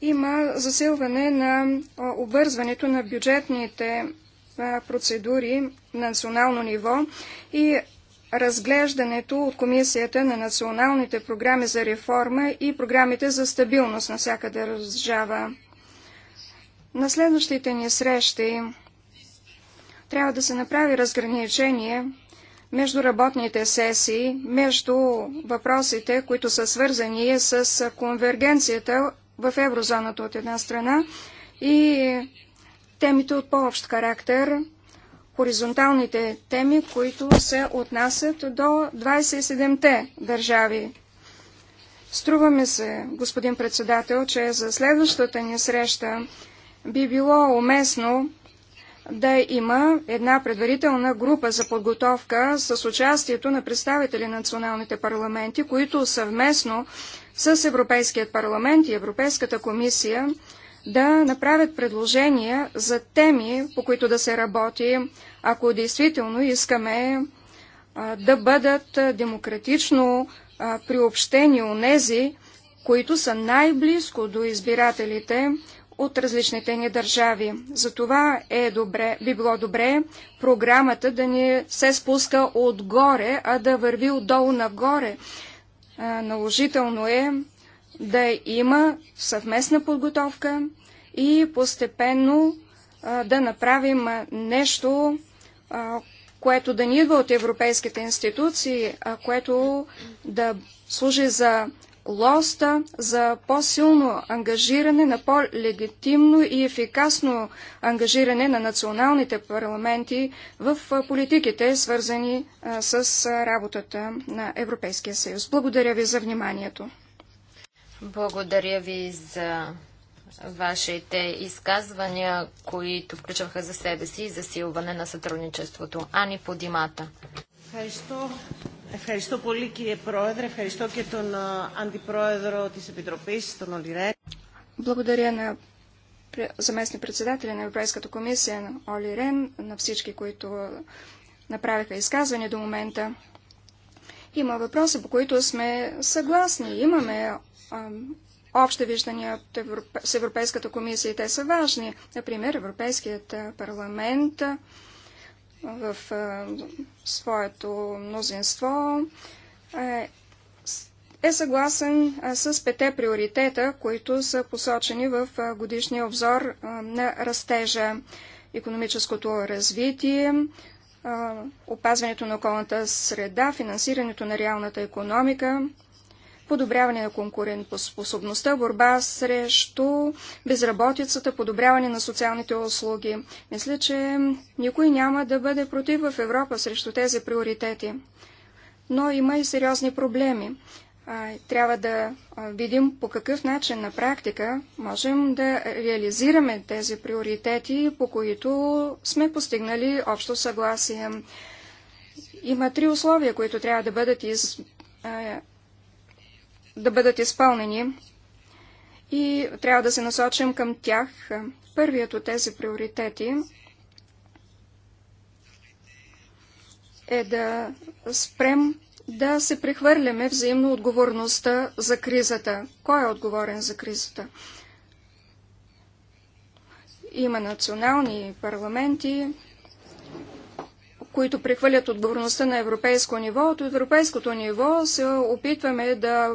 Има засилване на обвързването на бюджетните процедури на национално ниво и разглеждането от комисията на националните програми за реформа и програмите за стабилност на всяка държава. На следващите ни срещи трябва да се направи разграничение между работните сесии, между въпросите, които са свързани с конвергенцията в еврозоната от една страна и темите от по-общ характер, хоризонталните теми, които се отнасят до 27-те държави. Струваме се, господин председател, че за следващата ни среща би било уместно да има една предварителна група за подготовка с участието на представители на националните парламенти, които съвместно с Европейският парламент и Европейската комисия да направят предложения за теми, по които да се работи, ако действително искаме да бъдат демократично приобщени у нези, които са най-близко до избирателите от различните ни държави. Затова е добре, би било добре програмата да ни се спуска отгоре, а да върви отдолу нагоре, наложително е да има съвместна подготовка и постепенно да направим нещо, което да ни идва от европейските институции, а което да служи за лоста за по-силно ангажиране, на по-легитимно и ефикасно ангажиране на националните парламенти в политиките, свързани с работата на Европейския съюз. Благодаря ви за вниманието. Благодаря ви за вашите изказвания, които включваха за себе си и засилване на сътрудничеството. Ани Подимата. Ευχαριστώ. Ευχαριστώ πολύ κύριε Πρόεδρε. Ευχαριστώ και τον Αντιπρόεδρο της Επιτροπής, τον Ολιρέ. Благодаря на заместни председатели на Европейската комисия на Оли Рен, на всички, които направиха изказване до момента. Има въпроси, по които сме съгласни. Имаме общи виждания с Европейската комисия и те са важни. Например, Европейският парламент в своето мнозинство е, е съгласен с пете приоритета, които са посочени в годишния обзор на растежа. Економическото развитие, опазването на околната среда, финансирането на реалната економика, подобряване на конкурентоспособността, борба срещу безработицата, подобряване на социалните услуги. Мисля, че никой няма да бъде против в Европа срещу тези приоритети. Но има и сериозни проблеми. Трябва да видим по какъв начин на практика можем да реализираме тези приоритети, по които сме постигнали общо съгласие. Има три условия, които трябва да бъдат из, да бъдат изпълнени и трябва да се насочим към тях. Първият от тези приоритети е да спрем да се прехвърляме взаимно отговорността за кризата. Кой е отговорен за кризата? Има национални парламенти, които прехвърлят отговорността на европейско ниво. От европейското ниво се опитваме да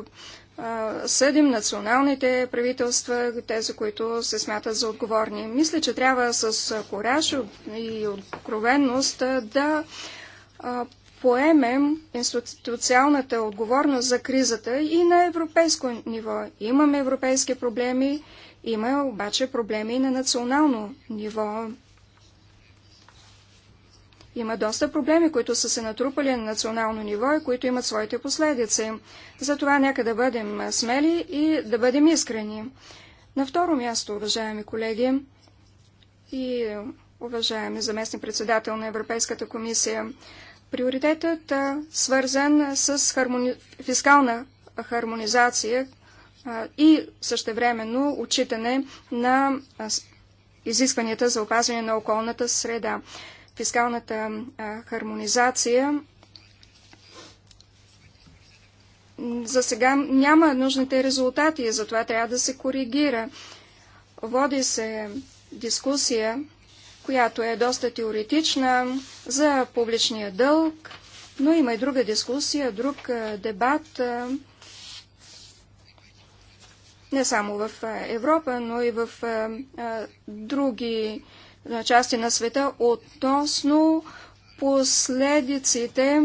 съдим националните правителства, тези, които се смятат за отговорни. Мисля, че трябва с кораж и откровенност да поемем институциалната отговорност за кризата и на европейско ниво. Имаме европейски проблеми, има обаче проблеми и на национално ниво. Има доста проблеми, които са се натрупали на национално ниво и които имат своите последици. Затова нека да бъдем смели и да бъдем искрени. На второ място, уважаеми колеги и уважаеми заместни председател на Европейската комисия, приоритетът е свързан с хармони... фискална хармонизация и същевременно отчитане на изискванията за опазване на околната среда фискалната хармонизация. За сега няма нужните резултати, затова трябва да се коригира. Води се дискусия, която е доста теоретична за публичния дълг, но има и друга дискусия, друг дебат, не само в Европа, но и в други части на света относно последиците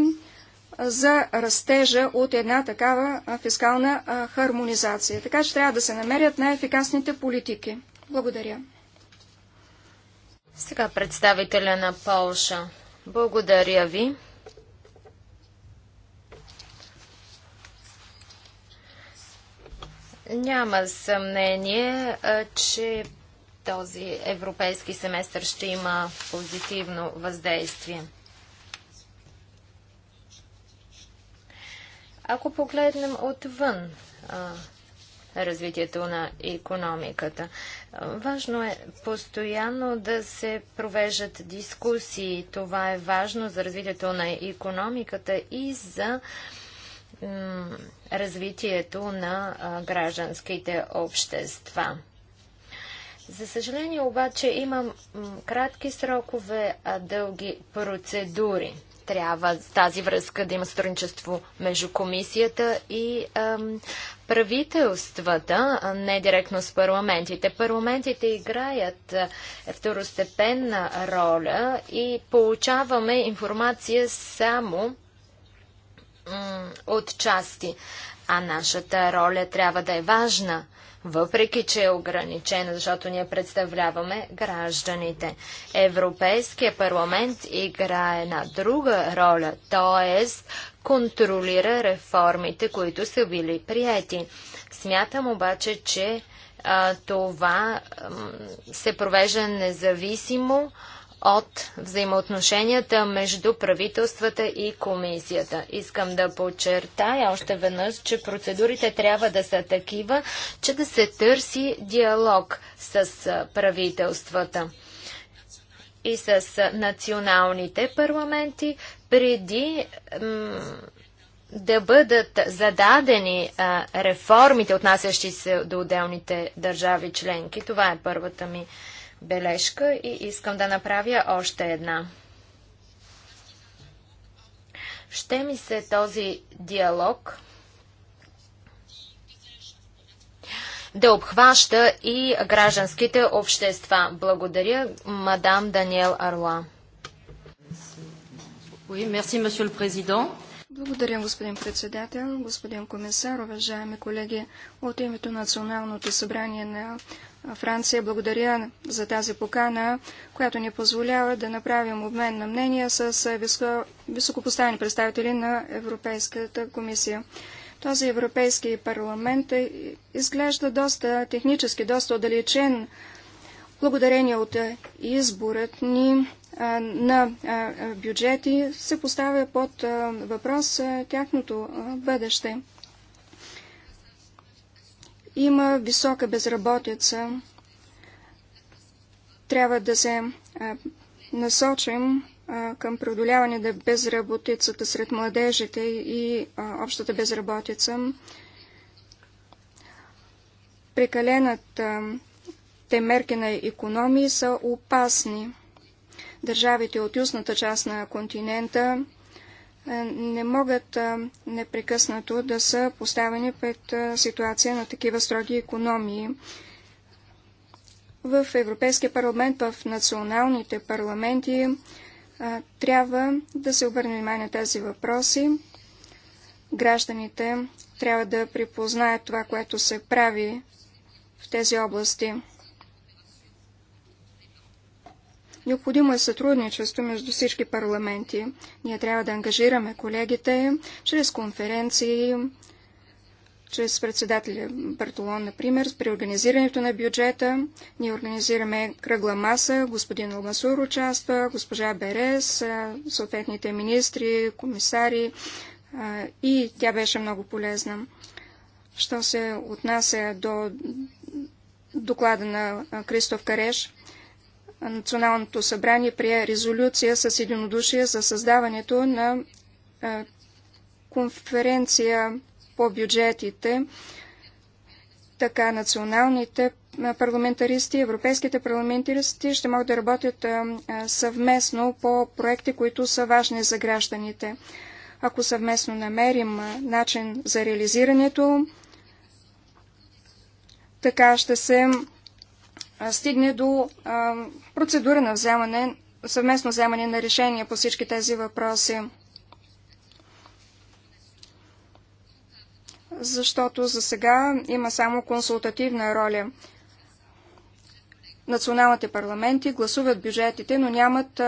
за растежа от една такава фискална хармонизация. Така че трябва да се намерят най-ефикасните политики. Благодаря. Сега представителя на Полша. Благодаря ви. Няма съмнение, че този европейски семестър ще има позитивно въздействие. Ако погледнем отвън а, развитието на економиката, важно е постоянно да се провеждат дискусии. Това е важно за развитието на економиката и за развитието на гражданските общества. За съжаление обаче имам кратки срокове, а дълги процедури. Трябва тази връзка да има сътрудничество между комисията и ам, правителствата, а не директно с парламентите. Парламентите играят второстепенна роля и получаваме информация само от части. А нашата роля трябва да е важна въпреки че е ограничена, защото ние представляваме гражданите. Европейския парламент играе една друга роля, т.е. контролира реформите, които са били приети. Смятам обаче, че а, това а, се провежда независимо а, от взаимоотношенията между правителствата и комисията. Искам да подчертая още веднъж, че процедурите трябва да са такива, че да се търси диалог с правителствата и с националните парламенти преди да бъдат зададени а, реформите, отнасящи се до отделните държави членки. Това е първата ми бележка и искам да направя още една. Ще ми се този диалог да обхваща и гражданските общества. Благодаря, мадам Даниел Арла. Благодаря, господин председател, господин комисар, уважаеми колеги. От името Националното събрание на Франция. Благодаря за тази покана, която ни позволява да направим обмен на мнения с е, високо, високопоставени представители на Европейската комисия. Този Европейски парламент е, изглежда доста технически, доста отдалечен благодарение от е, изборът ни на бюджети се поставя под въпрос тяхното бъдеще. Има висока безработица. Трябва да се насочим към преодоляване на безработицата сред младежите и общата безработица. Прекалената те мерки на економии са опасни. Държавите от южната част на континента е, не могат е, непрекъснато да са поставени пред е, ситуация на такива строги економии. В Европейския парламент, в националните парламенти трябва да се обърне внимание на тези въпроси. Гражданите трябва да припознаят това, което се прави в тези области. Необходимо е сътрудничество между всички парламенти. Ние трябва да ангажираме колегите чрез конференции, чрез председателя Бартолон, например, при организирането на бюджета. Ние организираме кръгла маса, господин Алмасур участва, госпожа Берес, съответните министри, комисари и тя беше много полезна. Що се отнася до доклада на Кристоф Кареш, Националното събрание прие резолюция с единодушие за създаването на конференция по бюджетите, така националните парламентаристи европейските парламентаристи ще могат да работят съвместно по проекти, които са важни за гражданите. Ако съвместно намерим начин за реализирането, така ще се стигне до процедура на вземане, съвместно вземане на решения по всички тези въпроси. Защото за сега има само консултативна роля. Националните парламенти гласуват бюджетите, но нямат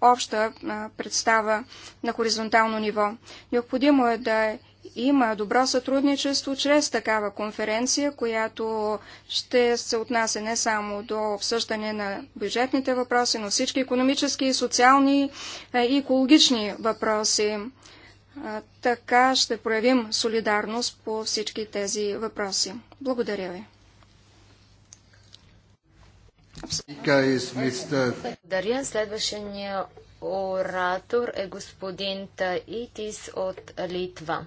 обща представа на хоризонтално ниво. Необходимо е да е има добро сътрудничество чрез такава конференция, която ще се отнася не само до обсъждане на бюджетните въпроси, но всички економически, социални е, и екологични въпроси. Така ще проявим солидарност по всички тези въпроси. Благодаря ви. Благодаря. Следващия оратор е господин Таитис от Литва.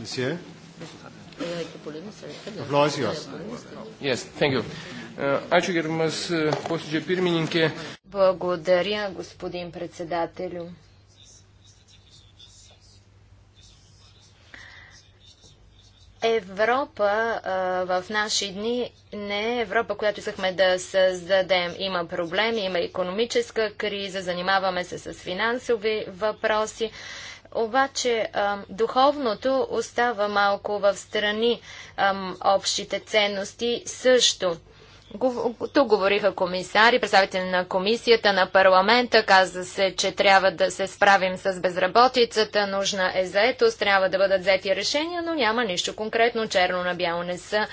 Monsieur. Uh, uh, Благодаря, господин председателю. Европа в наши дни не е Европа, която искахме да създадем. Има проблеми, има економическа криза, занимаваме се с финансови въпроси. Обаче духовното остава малко в страни общите ценности също. Тук говориха комисари, представители на комисията, на парламента. Каза се, че трябва да се справим с безработицата, нужна е заетост, трябва да бъдат взети решения, но няма нищо конкретно. Черно на бяло не са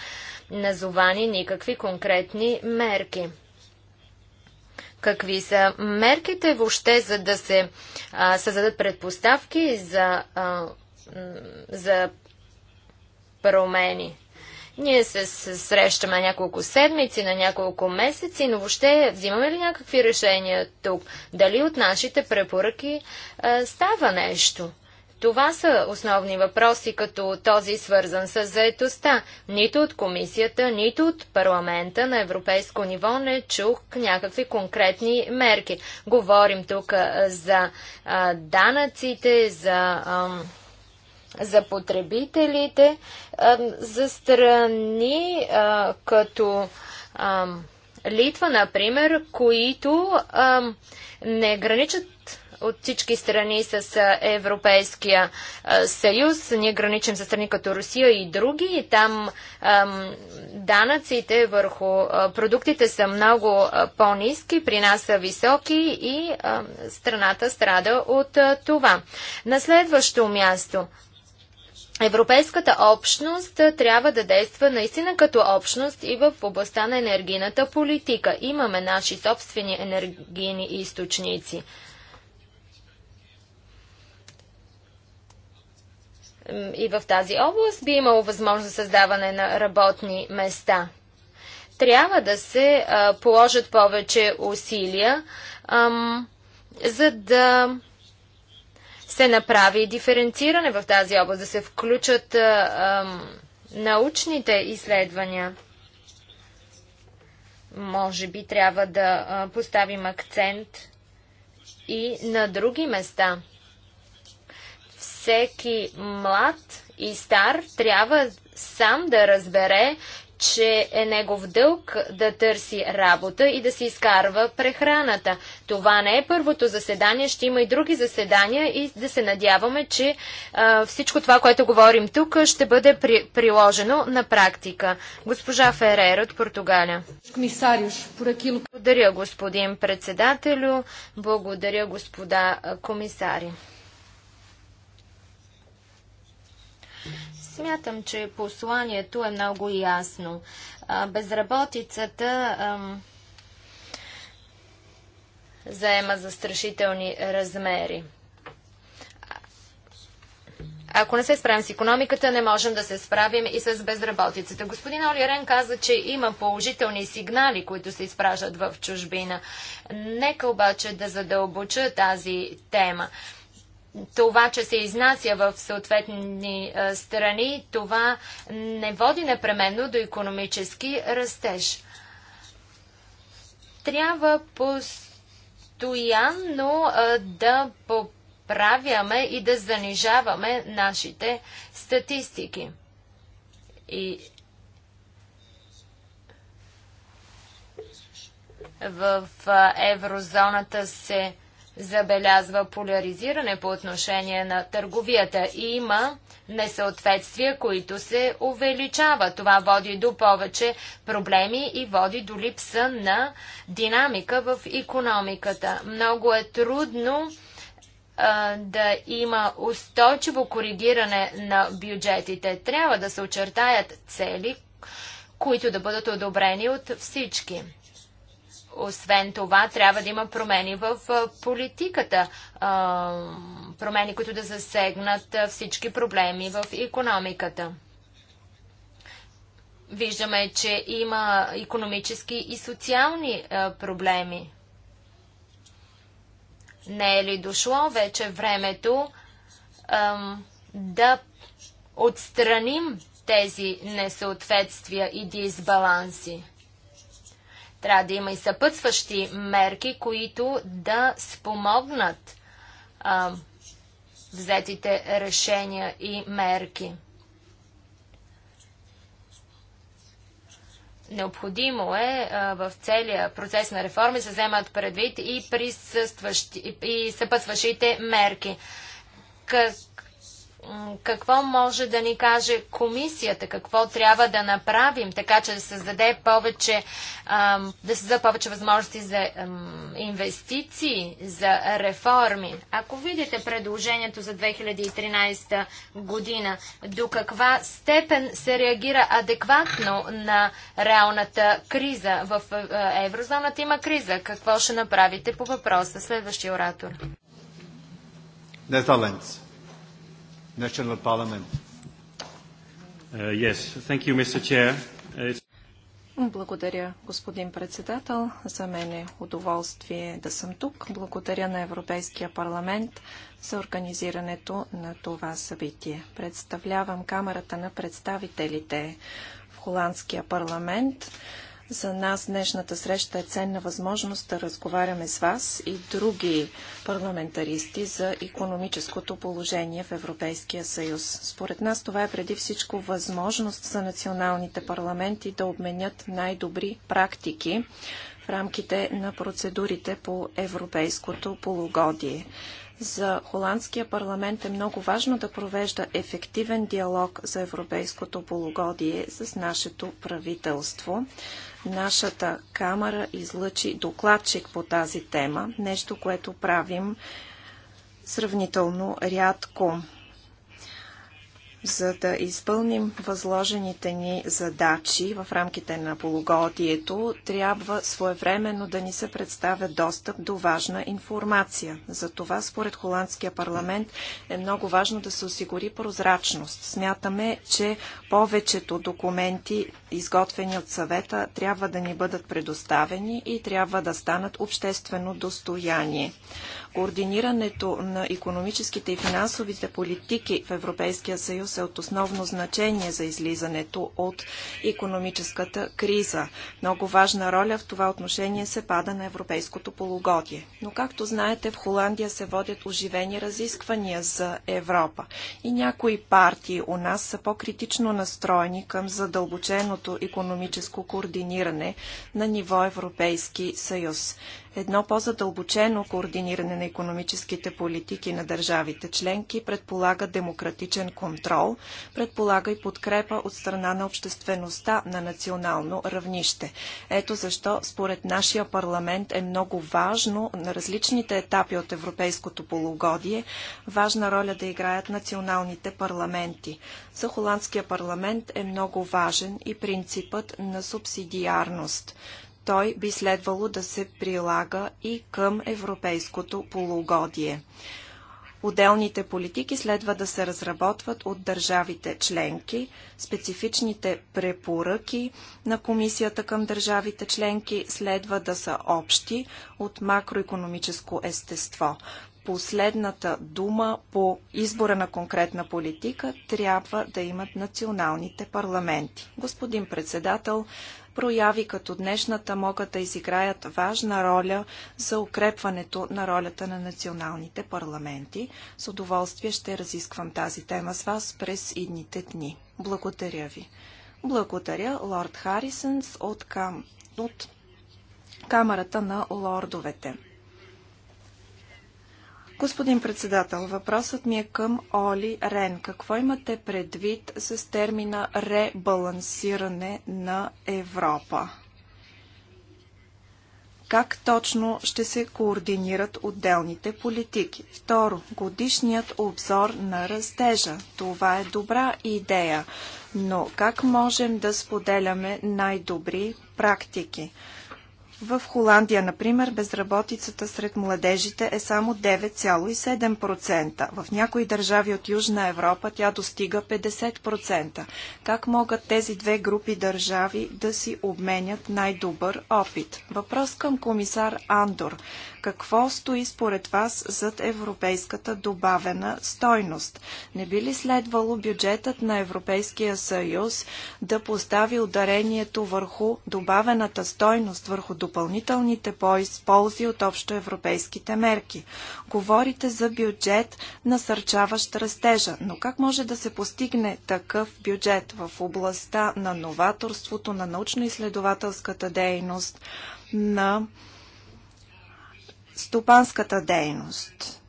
назовани никакви конкретни мерки. Какви са мерките въобще, за да се а, създадат предпоставки за, а, за промени? Ние се срещаме няколко седмици, на няколко месеци, но въобще взимаме ли някакви решения тук? Дали от нашите препоръки а, става нещо? Това са основни въпроси, като този свързан с заетостта. Нито от комисията, нито от парламента на европейско ниво не чух някакви конкретни мерки. Говорим тук за а, данъците, за. А, за потребителите, за страни като Литва, например, които не граничат от всички страни с Европейския съюз. Ние граничим с страни като Русия и други. И там данъците върху продуктите са много по-низки, при нас са високи и страната страда от това. На следващо място. Европейската общност трябва да действа наистина като общност и в областта на енергийната политика. Имаме наши собствени енергийни източници. и в тази област би имало възможност за създаване на работни места. Трябва да се а, положат повече усилия, за да се направи диференциране в тази област, да се включат а, научните изследвания. Може би трябва да а, поставим акцент и на други места – всеки млад и стар трябва сам да разбере, че е негов дълг да търси работа и да се изкарва прехраната. Това не е първото заседание, ще има и други заседания и да се надяваме, че а, всичко това, което говорим тук, ще бъде при, приложено на практика. Госпожа Ферер от Португалия. Благодаря, господин председателю. Благодаря, господа комисари. Смятам, че посланието е много ясно. Безработицата ам, заема застрашителни размери. Ако не се справим с економиката, не можем да се справим и с безработицата. Господин Олирен каза, че има положителни сигнали, които се изпражат в чужбина. Нека обаче да задълбоча тази тема това, че се изнася в съответни страни, това не води непременно до економически растеж. Трябва постоянно да поправяме и да занижаваме нашите статистики. И в еврозоната се забелязва поляризиране по отношение на търговията и има несъответствия, които се увеличават. Това води до повече проблеми и води до липса на динамика в економиката. Много е трудно да има устойчиво коригиране на бюджетите. Трябва да се очертаят цели, които да бъдат одобрени от всички. Освен това, трябва да има промени в политиката, промени, които да засегнат всички проблеми в економиката. Виждаме, че има економически и социални проблеми. Не е ли дошло вече времето да отстраним тези несъответствия и дисбаланси? Трябва да има и съпътстващи мерки, които да спомогнат а, взетите решения и мерки. Необходимо е в целия процес на реформи се вземат предвид и, и, и съпътстващите мерки. Като какво може да ни каже комисията, какво трябва да направим, така че да създаде повече, да създаде повече възможности за инвестиции, за реформи. Ако видите предложението за 2013 година, до каква степен се реагира адекватно на реалната криза в еврозоната има криза. Какво ще направите по въпроса? Следващия оратор. Netherlands national parliament. Uh, yes, thank you, Mr. Chair. Uh, it's... Благодаря, господин председател. За мен е удоволствие да съм тук. Благодаря на Европейския парламент за организирането на това събитие. Представлявам Камерата на представителите в Холандския парламент. За нас днешната среща е ценна възможност да разговаряме с вас и други парламентаристи за економическото положение в Европейския съюз. Според нас това е преди всичко възможност за националните парламенти да обменят най-добри практики в рамките на процедурите по европейското полугодие. За Холандския парламент е много важно да провежда ефективен диалог за европейското полугодие с нашето правителство. Нашата камера излъчи докладчик по тази тема, нещо, което правим сравнително рядко за да изпълним възложените ни задачи в рамките на полугодието, трябва своевременно да ни се представя достъп до важна информация. Затова, според Холандския парламент, е много важно да се осигури прозрачност. Смятаме, че повечето документи, изготвени от съвета, трябва да ни бъдат предоставени и трябва да станат обществено достояние. Координирането на економическите и финансовите политики в Европейския съюз е от основно значение за излизането от економическата криза. Много важна роля в това отношение се пада на европейското полугодие. Но както знаете, в Холандия се водят оживени разисквания за Европа. И някои партии у нас са по-критично настроени към задълбоченото економическо координиране на ниво Европейски съюз. Едно по-задълбочено координиране на економическите политики на държавите членки предполага демократичен контрол, предполага и подкрепа от страна на обществеността на национално равнище. Ето защо според нашия парламент е много важно на различните етапи от европейското полугодие важна роля да играят националните парламенти. За холандския парламент е много важен и принципът на субсидиарност той би следвало да се прилага и към европейското полугодие. Отделните политики следва да се разработват от държавите членки. Специфичните препоръки на комисията към държавите членки следва да са общи от макроекономическо естество. Последната дума по избора на конкретна политика трябва да имат националните парламенти. Господин председател, прояви като днешната могат да изиграят важна роля за укрепването на ролята на националните парламенти. С удоволствие ще разисквам тази тема с вас през идните дни. Благодаря ви. Благодаря Лорд Харисенс от, кам... от Камерата на лордовете. Господин председател, въпросът ми е към Оли Рен. Какво имате предвид с термина ребалансиране на Европа? Как точно ще се координират отделните политики? Второ, годишният обзор на растежа. Това е добра идея, но как можем да споделяме най-добри практики? В Холандия, например, безработицата сред младежите е само 9,7%. В някои държави от Южна Европа тя достига 50%. Как могат тези две групи държави да си обменят най-добър опит? Въпрос към комисар Андор. Какво стои според вас зад европейската добавена стойност? Не би ли следвало бюджетът на Европейския съюз да постави ударението върху добавената стойност, върху допълнителните ползи от общоевропейските мерки? Говорите за бюджет, насърчаващ растежа, но как може да се постигне такъв бюджет в областта на новаторството, на научно-изследователската дейност, на стопанската дейност.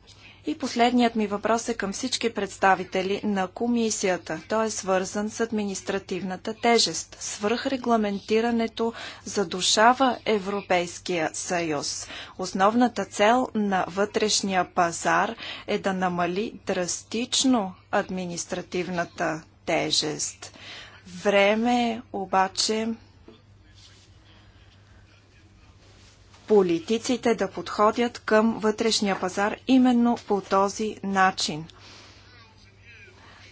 И последният ми въпрос е към всички представители на комисията. Той е свързан с административната тежест. Свръхрегламентирането задушава Европейския съюз. Основната цел на вътрешния пазар е да намали драстично административната тежест. Време е обаче политиците да подходят към вътрешния пазар именно по този начин.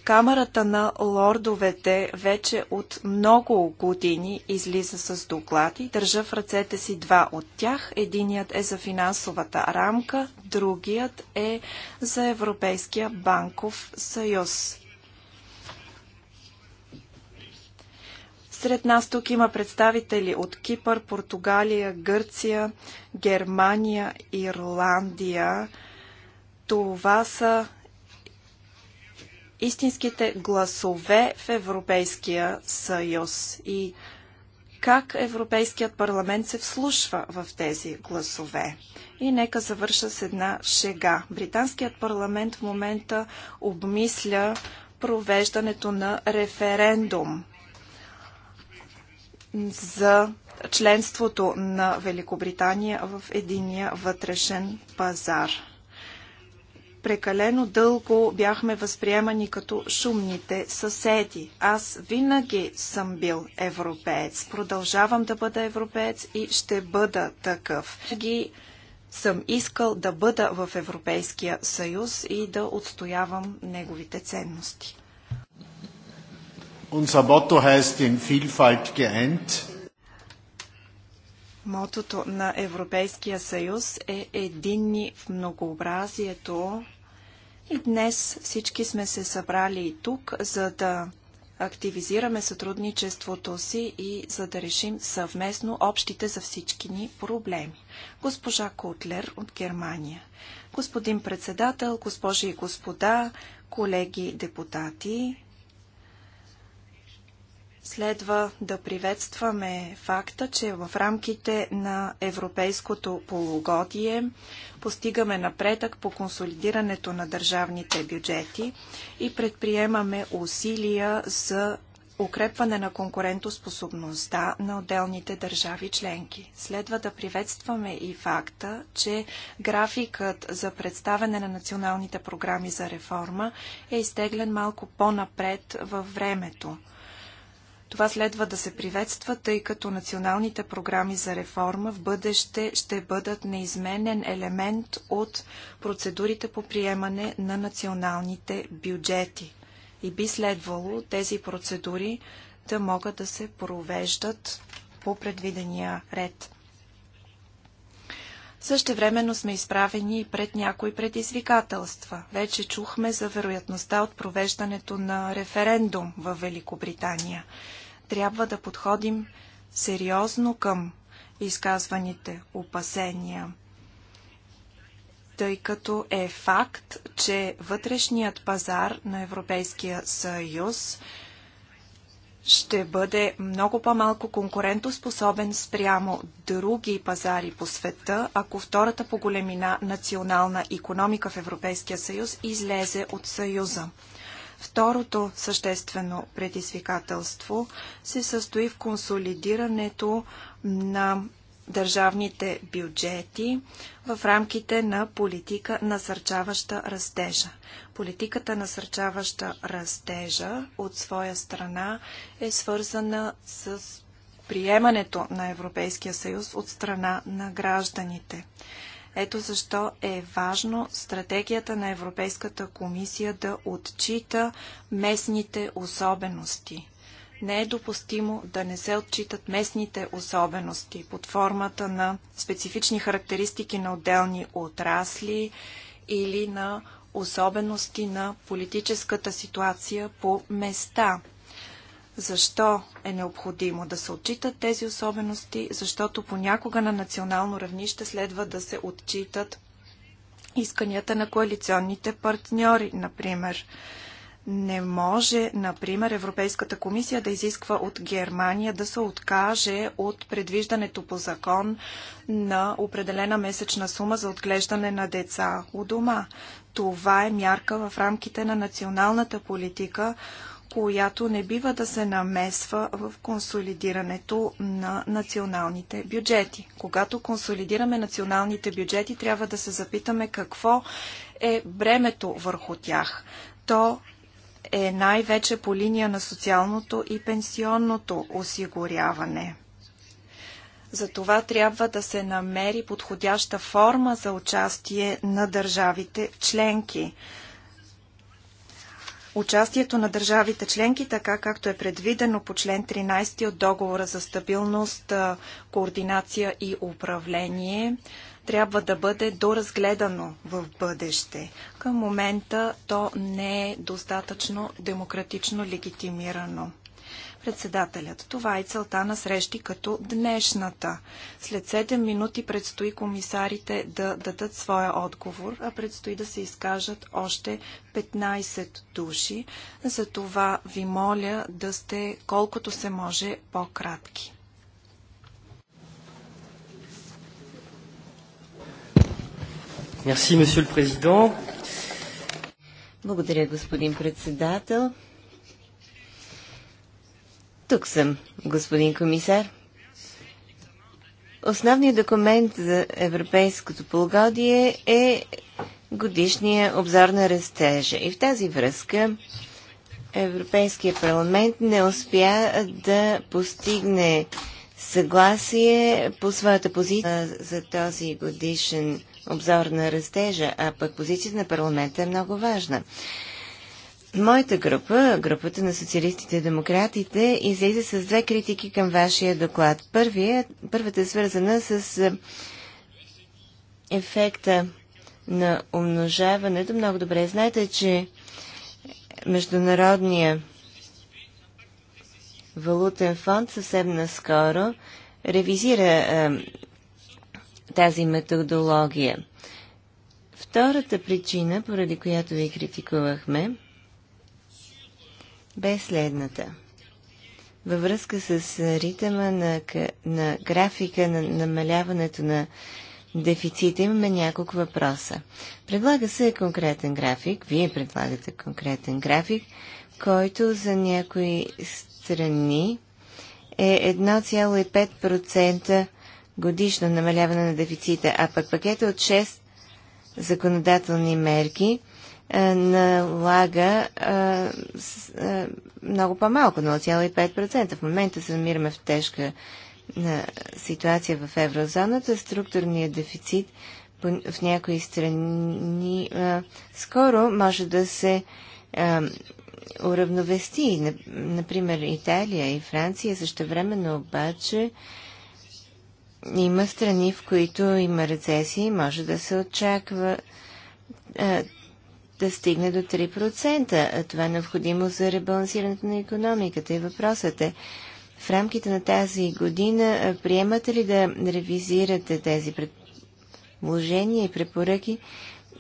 Камерата на лордовете вече от много години излиза с доклади. Държа в ръцете си два от тях. Единият е за финансовата рамка, другият е за Европейския банков съюз. Сред нас тук има представители от Кипър, Португалия, Гърция, Германия, Ирландия. Това са истинските гласове в Европейския съюз и как Европейският парламент се вслушва в тези гласове. И нека завърша с една шега. Британският парламент в момента обмисля провеждането на референдум за членството на Великобритания в единия вътрешен пазар. Прекалено дълго бяхме възприемани като шумните съседи. Аз винаги съм бил европеец. Продължавам да бъда европеец и ще бъда такъв. Ги съм искал да бъда в Европейския съюз и да отстоявам неговите ценности. Unser Motto heißt in Vielfalt geeint. Мотото на Европейския съюз е единни в многообразието и днес всички сме се събрали тук, за да активизираме сътрудничеството си и за да решим съвместно общите за всички ни проблеми. Госпожа Котлер от Германия. Господин председател, госпожи и господа, колеги депутати, Следва да приветстваме факта, че в рамките на европейското полугодие постигаме напредък по консолидирането на държавните бюджети и предприемаме усилия за укрепване на конкурентоспособността на отделните държави членки. Следва да приветстваме и факта, че графикът за представяне на националните програми за реформа е изтеглен малко по-напред във времето. Това следва да се приветства, тъй като националните програми за реформа в бъдеще ще бъдат неизменен елемент от процедурите по приемане на националните бюджети. И би следвало тези процедури да могат да се провеждат по предвидения ред. Същевременно сме изправени и пред някои предизвикателства. Вече чухме за вероятността от провеждането на референдум в Великобритания трябва да подходим сериозно към изказваните опасения, тъй като е факт, че вътрешният пазар на Европейския съюз ще бъде много по-малко конкурентоспособен спрямо други пазари по света, ако втората по големина национална економика в Европейския съюз излезе от съюза. Второто съществено предизвикателство се състои в консолидирането на държавните бюджети в рамките на политика насърчаваща растежа. Политиката насърчаваща растежа от своя страна е свързана с приемането на Европейския съюз от страна на гражданите. Ето защо е важно стратегията на Европейската комисия да отчита местните особености. Не е допустимо да не се отчитат местните особености под формата на специфични характеристики на отделни отрасли или на особености на политическата ситуация по места – защо е необходимо да се отчитат тези особености? Защото понякога на национално равнище следва да се отчитат исканията на коалиционните партньори, например. Не може, например, Европейската комисия да изисква от Германия да се откаже от предвиждането по закон на определена месечна сума за отглеждане на деца у дома. Това е мярка в рамките на националната политика, която не бива да се намесва в консолидирането на националните бюджети. Когато консолидираме националните бюджети, трябва да се запитаме какво е бремето върху тях. То е най-вече по линия на социалното и пенсионното осигуряване. Затова трябва да се намери подходяща форма за участие на държавите членки. Участието на държавите членки, така както е предвидено по член 13 от договора за стабилност, координация и управление, трябва да бъде доразгледано в бъдеще. Към момента то не е достатъчно демократично легитимирано. Председателят. Това е целта на срещи като днешната. След 7 минути предстои комисарите да дадат своя отговор, а предстои да се изкажат още 15 души. За това ви моля да сте колкото се може по-кратки. Благодаря, господин председател. Тук съм, господин комисар. Основният документ за европейското полугодие е годишния обзор на растежа. И в тази връзка Европейския парламент не успя да постигне съгласие по своята позиция за този годишен обзор на растежа, а пък позицията на парламента е много важна. Моята група, групата на социалистите и демократите, излезе с две критики към вашия доклад. Първия, първата е свързана с ефекта на умножаването. Много добре знаете, че Международния валутен фонд съвсем наскоро ревизира е, тази методология. Втората причина, поради която ви критикувахме, бе следната. Във връзка с ритъма на, на графика на намаляването на дефицита имаме няколко въпроса. Предлага се конкретен график, вие предлагате конкретен график, който за някои страни е 1,5% годишно намаляване на дефицита, а пък пакета от 6 законодателни мерки – е, налага е, е, много по-малко, 0,5%. В момента се намираме в тежка ситуация в еврозоната. Структурният дефицит в някои страни скоро може да се уравновести. Например, Италия и Франция също времено обаче има страни, в които има рецесии, може да се очаква да стигне до 3%. Това е необходимо за ребалансирането на економиката. И въпросът е, в рамките на тази година приемате ли да ревизирате тези предложения и препоръки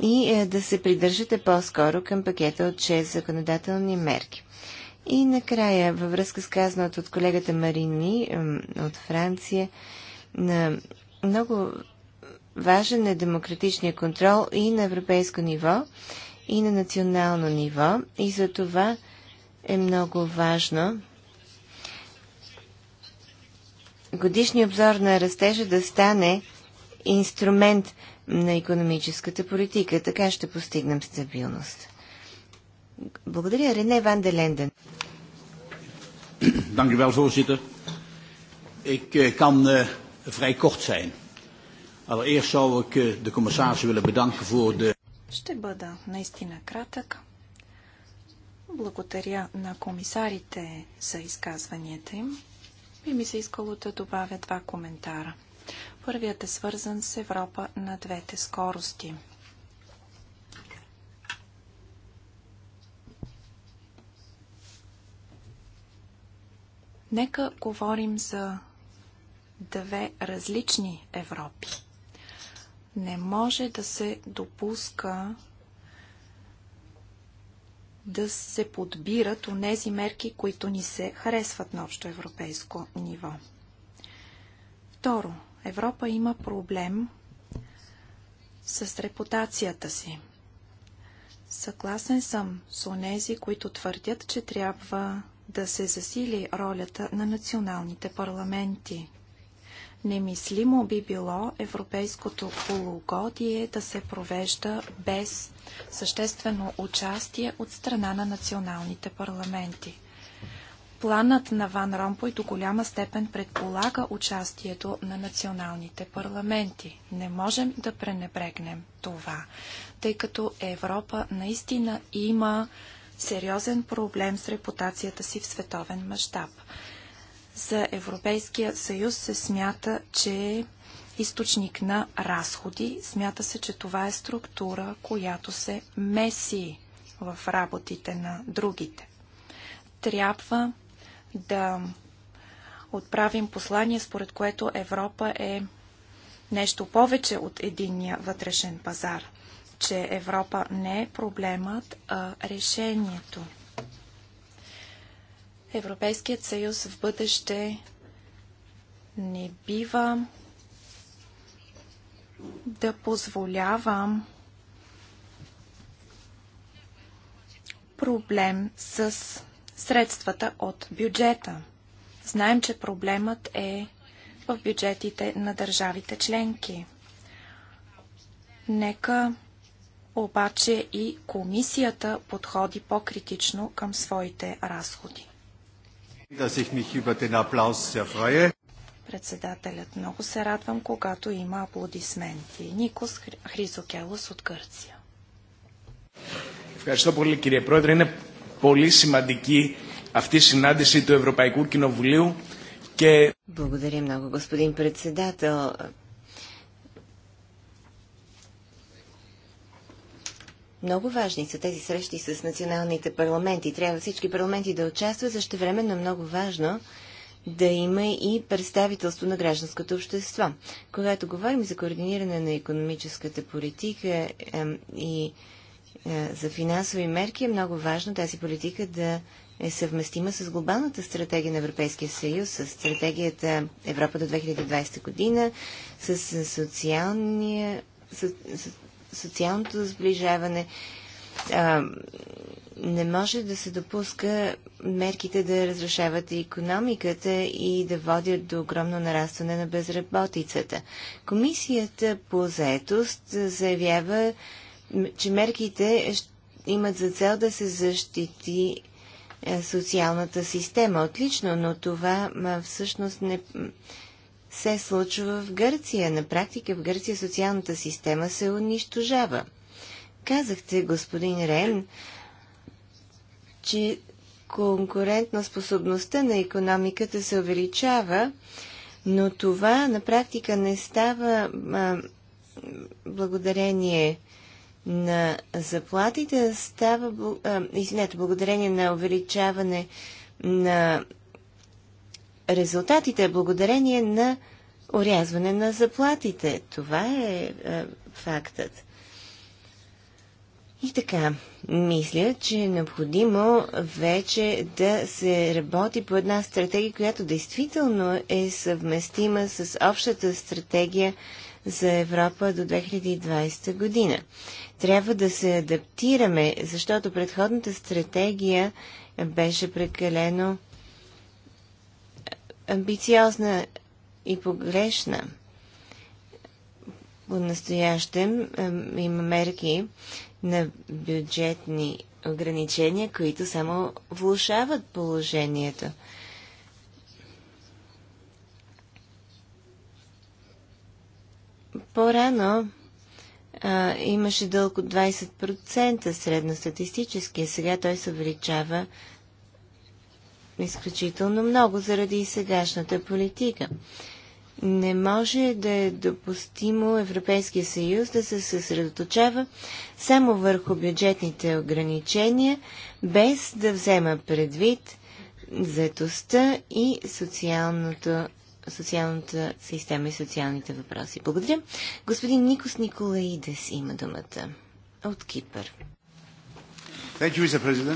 и да се придържате по-скоро към пакета от 6 законодателни мерки? И накрая, във връзка с казаното от колегата Марини от Франция, на много важен е демократичния контрол и на европейско ниво и на национално ниво. И за това е много важно годишния обзор на растежа да стане инструмент на економическата политика. Така ще постигнем стабилност. Благодаря, Рене Ван Деленден. Dank u wel, voorzitter. Ik eh, kan uh, vrij kort zijn. Allereerst zou ik uh, de commissaris willen bedanken voor de... Ще бъда наистина кратък. Благодаря на комисарите за изказванията им. и ми се искало да добавя два коментара. Първият е свързан с Европа на двете скорости. Нека говорим за две различни Европи. Не може да се допуска да се подбират онези мерки, които ни се харесват на общо европейско ниво. Второ, Европа има проблем с репутацията си. Съгласен съм с онези, които твърдят, че трябва да се засили ролята на националните парламенти. Немислимо би било европейското полугодие да се провежда без съществено участие от страна на националните парламенти. Планът на Ван Ромпой до голяма степен предполага участието на националните парламенти. Не можем да пренебрегнем това, тъй като Европа наистина има сериозен проблем с репутацията си в световен мащаб за Европейския съюз се смята, че е източник на разходи. Смята се, че това е структура, която се меси в работите на другите. Трябва да отправим послание, според което Европа е нещо повече от единния вътрешен пазар, че Европа не е проблемът, а решението. Европейският съюз в бъдеще не бива да позволява проблем с средствата от бюджета. Знаем, че проблемът е в бюджетите на държавите членки. Нека обаче и комисията подходи по-критично към своите разходи. Председателят много се радвам, когато има аплодисменти. Никос Хризокелос от Гърция. Ευχαριστώ πολύ κύριε Πρόεδρε. Είναι πολύ σημαντική αυτή η συνάντηση του Ευρωπαϊκού Κοινοβουλίου και... Благодаря много, господин председател. Много важни са тези срещи с националните парламенти. Трябва всички парламенти да участват, също времено е много важно да има и представителство на гражданското общество. Когато говорим за координиране на економическата политика е, и е, за финансови мерки, е много важно тази политика да е съвместима с глобалната стратегия на Европейския съюз, с стратегията Европа до 2020 година, с социалния социалното сближаване. А, не може да се допуска мерките да разрушават и економиката и да водят до огромно нарастване на безработицата. Комисията по заетост заявява, че мерките имат за цел да се защити социалната система. Отлично, но това всъщност не се случва в Гърция. На практика в Гърция социалната система се унищожава. Казахте, господин Рен, че конкурентна способността на економиката се увеличава, но това на практика не става а, благодарение на заплатите, става, а, извинете, благодарение на увеличаване на резултатите благодарение на орязване на заплатите. Това е, е фактът. И така, мисля, че е необходимо вече да се работи по една стратегия, която действително е съвместима с общата стратегия за Европа до 2020 година. Трябва да се адаптираме, защото предходната стратегия беше прекалено амбициозна и погрешна. По-настоящем има мерки на бюджетни ограничения, които само влушават положението. По-рано имаше дълг от 20% средностатистически, а сега той се увеличава изключително много заради сегашната политика. Не може да е допустимо Европейския съюз да се съсредоточава само върху бюджетните ограничения, без да взема предвид заетостта и социалното, социалната система и социалните въпроси. Благодаря. Господин Никос Николаидес има думата от Кипър. Thank you,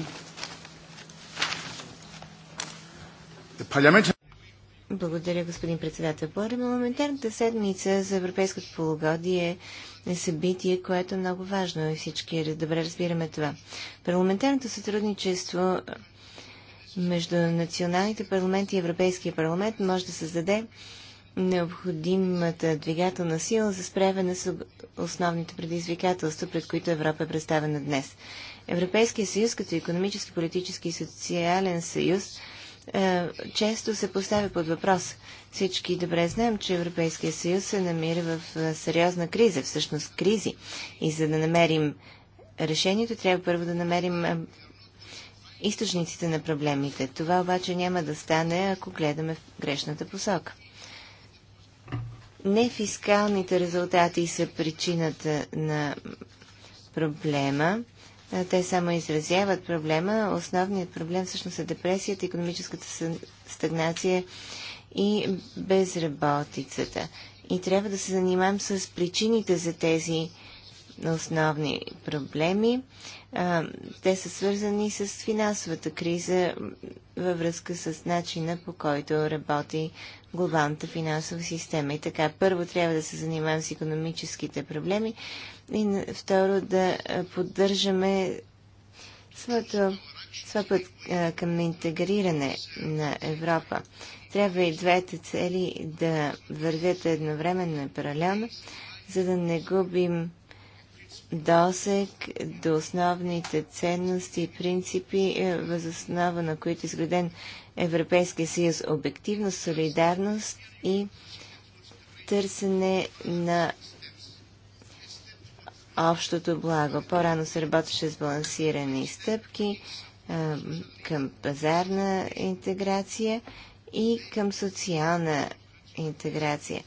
Благодаря, господин председател. Парламентарната седмица за Европейското полугодие е събитие, което е много важно и всички добре разбираме това. Парламентарното сътрудничество между националните парламенти и Европейския парламент може да създаде необходимата двигателна сила за справяне с основните предизвикателства, пред които Европа е представена днес. Европейския съюз като економически, политически и социален съюз – е, често се поставя под въпрос. Всички добре знаем, че Европейския съюз се намира в е, сериозна криза, всъщност кризи. И за да намерим решението, трябва първо да намерим е, източниците на проблемите. Това обаче няма да стане, ако гледаме в грешната посока. Не фискалните резултати са причината на проблема. Те само изразяват проблема. Основният проблем всъщност е депресията, економическата стагнация и безработицата. И трябва да се занимаем с причините за тези основни проблеми. те са свързани с финансовата криза във връзка с начина по който работи глобалната финансова система. И така, първо трябва да се занимаем с економическите проблеми, и второ, да поддържаме своето, своя път към интегриране на Европа. Трябва и двете цели да вървят едновременно и паралелно, за да не губим досек до основните ценности и принципи, възоснова на които е изграден Европейския съюз обективност, солидарност и търсене на общото благо. По-рано се работеше с балансирани стъпки е, към пазарна интеграция и към социална интеграция.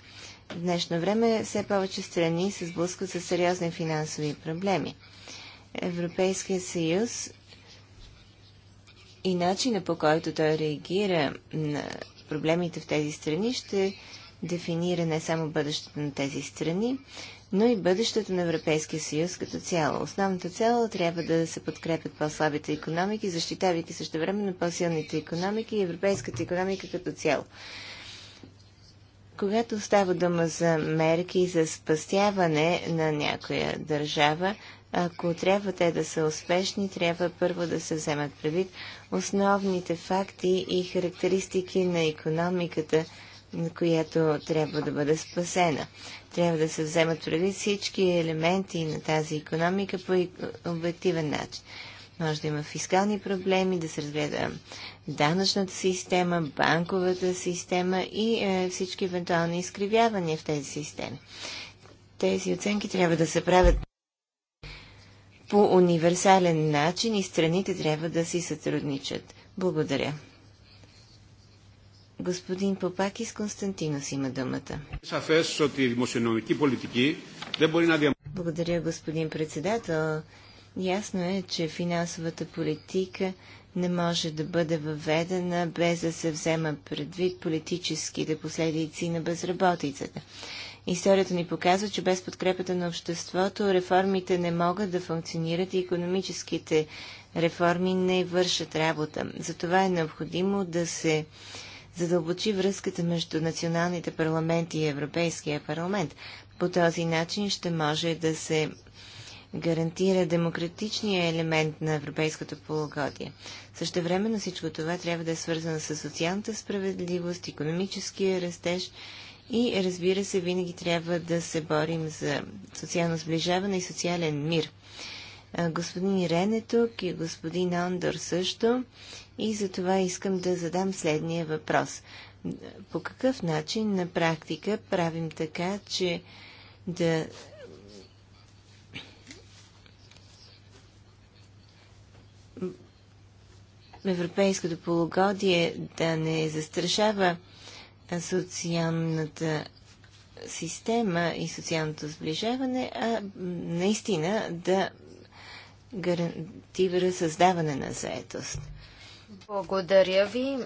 В днешно време все повече страни се сблъскват с сериозни финансови проблеми. Европейския съюз и начина по който той реагира на проблемите в тези страни ще дефинира не само бъдещето на тези страни, но и бъдещето на Европейския съюз като цяло. Основната цел трябва да се подкрепят по-слабите економики, защитавайки също време на по-силните економики и европейската економика като цяло. Когато става дума за мерки за спастяване на някоя държава, ако трябва те да са успешни, трябва първо да се вземат предвид основните факти и характеристики на економиката, която трябва да бъде спасена. Трябва да се вземат преди всички елементи на тази економика по обективен начин. Може да има фискални проблеми, да се разгледа данъчната система, банковата система и е, всички евентуални изкривявания в тези системи. Тези оценки трябва да се правят по универсален начин и страните трябва да си сътрудничат. Благодаря. Господин Попакис Константинос има думата. Благодаря, господин председател. Ясно е, че финансовата политика не може да бъде въведена без да се взема предвид политическите последици на безработицата. Историята ни показва, че без подкрепата на обществото реформите не могат да функционират и економическите реформи не вършат работа. Затова е необходимо да се задълбочи връзката между националните парламенти и Европейския парламент. По този начин ще може да се гарантира демократичния елемент на европейското полугодие. Същевременно всичко това трябва да е свързано с социалната справедливост, економическия растеж и разбира се, винаги трябва да се борим за социално сближаване и социален мир. Господин Ирен е тук и господин Ондор също. И за това искам да задам следния въпрос. По какъв начин на практика правим така, че да европейското полугодие да не застрашава социалната система и социалното сближаване, а наистина да гарантира създаване на заетост. Благодаря ви.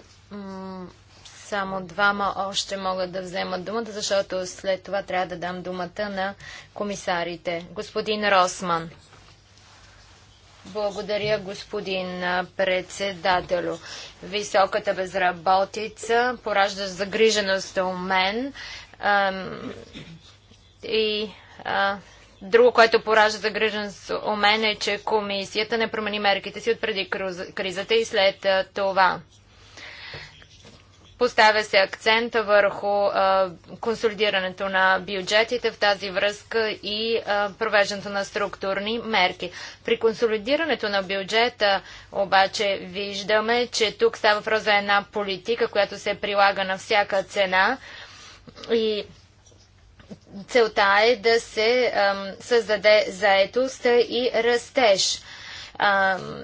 Само двама още могат да вземат думата, защото след това трябва да дам думата на комисарите. Господин Росман. Благодаря, господин председателю. Високата безработица поражда загриженост у мен. и Друго, което поражда загриженост у мен е, че комисията не промени мерките си от преди кризата и след това. Поставя се акцент върху а, консолидирането на бюджетите в тази връзка и провеждането на структурни мерки. При консолидирането на бюджета обаче виждаме, че тук става въпрос за една политика, която се прилага на всяка цена и целта е да се създаде заетост и растеж.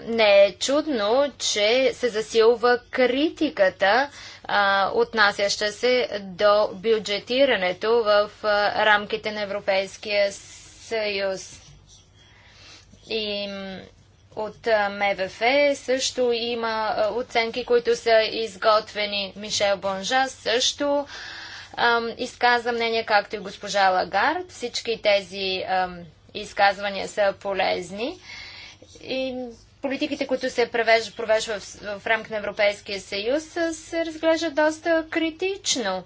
не е чудно, че се засилва критиката, отнасяща се до бюджетирането в рамките на Европейския съюз. И от МВФ също има оценки, които са изготвени. Мишел Бонжа също изказа мнение, както и госпожа Лагард. Всички тези изказвания са полезни. И политиките, които се превеждат, в, в рамк на Европейския съюз, се разглеждат доста критично,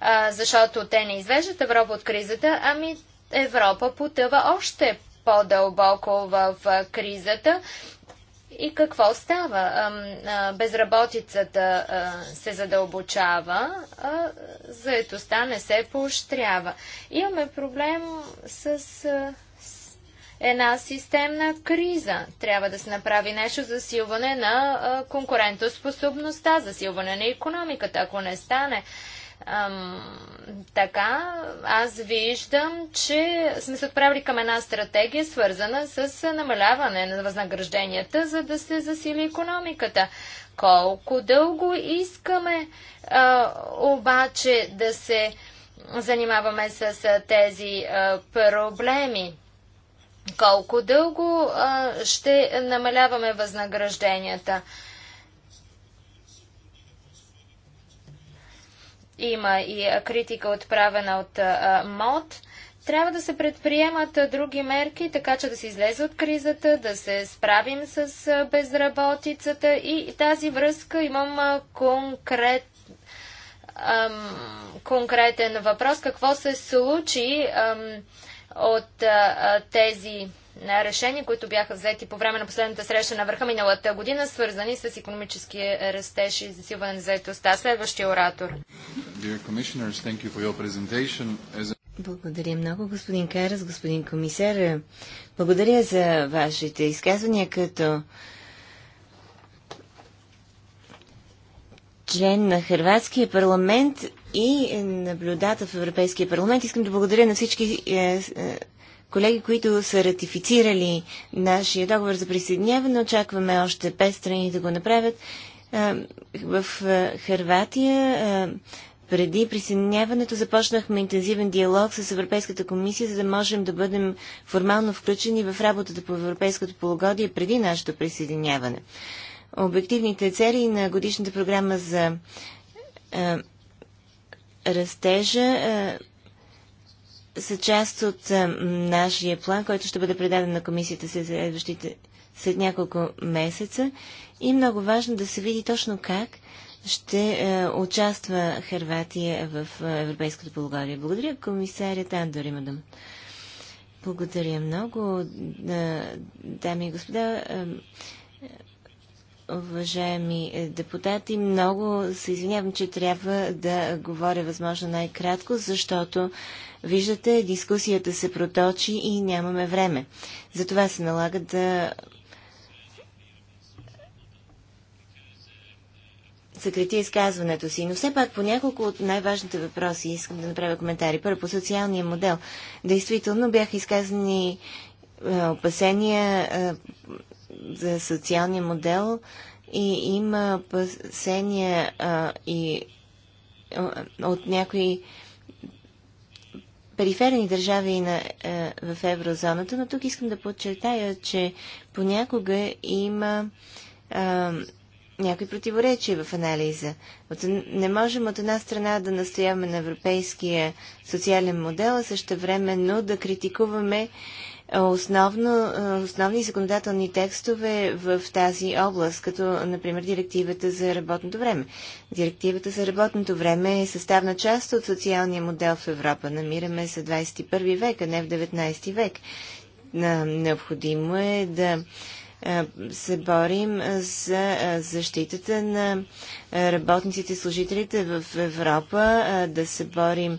а, защото те не извеждат Европа от кризата, ами Европа потъва още по-дълбоко в кризата и какво става? Безработицата се задълбочава, заетостта не се поощрява. Имаме проблем с една системна криза. Трябва да се направи нещо за силване на конкурентоспособността, засилване на економиката. Ако не стане, Ам, така, аз виждам, че сме се отправили към една стратегия, свързана с намаляване на възнагражденията, за да се засили економиката. Колко дълго искаме а, обаче да се занимаваме с а, тези а, проблеми? Колко дълго а, ще намаляваме възнагражденията? Има и критика отправена от МОД. Трябва да се предприемат други мерки, така че да се излезе от кризата, да се справим с безработицата и тази връзка имам конкрет конкретен въпрос. Какво се случи ам, от а, тези решения, които бяха взети по време на последната среща на върха миналата година, свързани с економически растеж и засилване на заетостта. Следващия оратор. Благодаря много, господин Карас, господин комисар. Благодаря за вашите изказвания като член на Хрватския парламент и наблюдател в Европейския парламент. Искам да благодаря на всички е, е, колеги, които са ратифицирали нашия договор за присъединяване. Очакваме още пет страни да го направят. Е, в Хрватия преди присъединяването започнахме интензивен диалог с Европейската комисия, за да можем да бъдем формално включени в работата по Европейското полугодие преди нашето присъединяване обективните цели на годишната програма за а, растежа а, са част от а, нашия план, който ще бъде предаден на комисията след, следващите, след няколко месеца. И много важно да се види точно как ще а, участва Харватия в а, Европейското полугодие. Благодаря, комисарят Андор има Благодаря много, дами и господа уважаеми е, депутати. Много се извинявам, че трябва да говоря възможно най-кратко, защото виждате, дискусията се проточи и нямаме време. Затова се налага да съкрати изказването си, но все пак по няколко от най-важните въпроси искам да направя коментари. Първо по социалния модел. Действително бяха изказани е, опасения е, за социалния модел и има опасения а, и а, от някои периферни държави на, а, в еврозоната, но тук искам да подчертая, че понякога има а, някои противоречия в анализа. От, не можем от една страна да настояваме на европейския социален модел, а също времено да критикуваме а, основно, основни законодателни текстове в тази област, като, например, директивата за работното време. Директивата за работното време е съставна част от социалния модел в Европа. Намираме се 21 век, а не в 19 век. Необходимо е да се борим за защитата на работниците и служителите в Европа, да се борим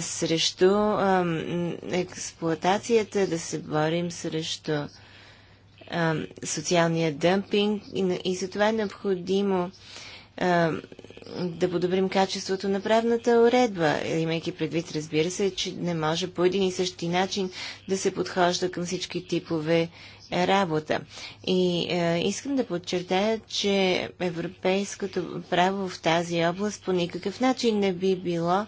срещу експлоатацията, да се борим срещу социалния дъмпинг и, за това е необходимо да подобрим качеството на правната уредба, имайки предвид, разбира се, че не може по един и същи начин да се подхожда към всички типове е, работа. И е, искам да подчертая, че европейското право в тази област по никакъв начин не би било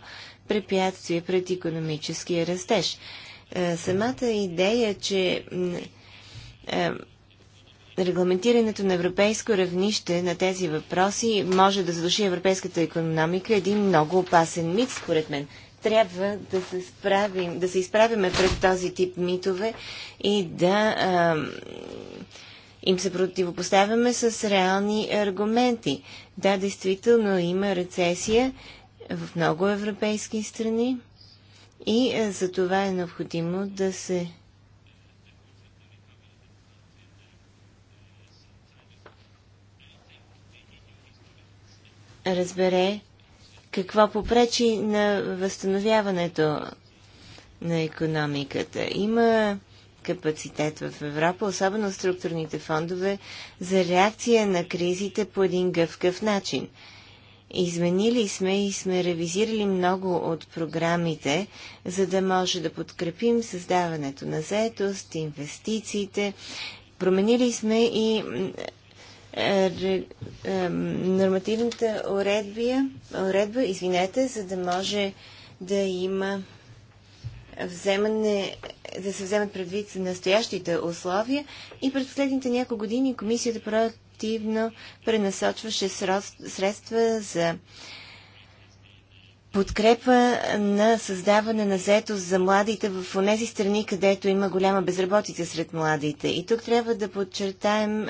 препятствие пред економическия растеж. Е, самата идея, че е, регламентирането на европейско равнище на тези въпроси може да задуши европейската економика е един много опасен мит, според мен. Трябва да се, справим, да се изправиме пред този тип митове и да а, им се противопоставяме с реални аргументи. Да, действително има рецесия в много европейски страни и е, за това е необходимо да се разбере какво попречи на възстановяването на економиката. Има капацитет в Европа, особено структурните фондове, за реакция на кризите по един гъвкав начин – Изменили сме и сме ревизирали много от програмите, за да може да подкрепим създаването на заетост, инвестициите. Променили сме и е, е, нормативната уредбия, уредба, извинете, за да може да има вземане, да се вземат предвид настоящите условия и през последните няколко години комисията активно пренасочваше средства за подкрепа на създаване на заетост за младите в тези страни, където има голяма безработица сред младите. И тук трябва да подчертаем,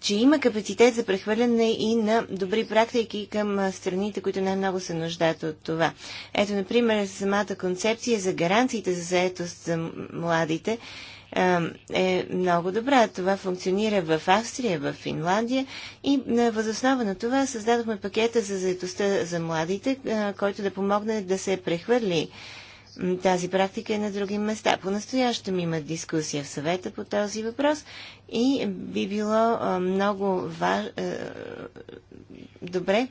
че има капацитет за прехвърляне и на добри практики към страните, които най-много се нуждаят от това. Ето, например, самата концепция за гаранциите за заетост за младите – е много добра. Това функционира в Австрия, в Финландия и възоснова на това създадохме пакета за заедостта за младите, който да помогне да се прехвърли тази практика е на други места. По-настоящем има дискусия в съвета по този въпрос и би било много важ... добре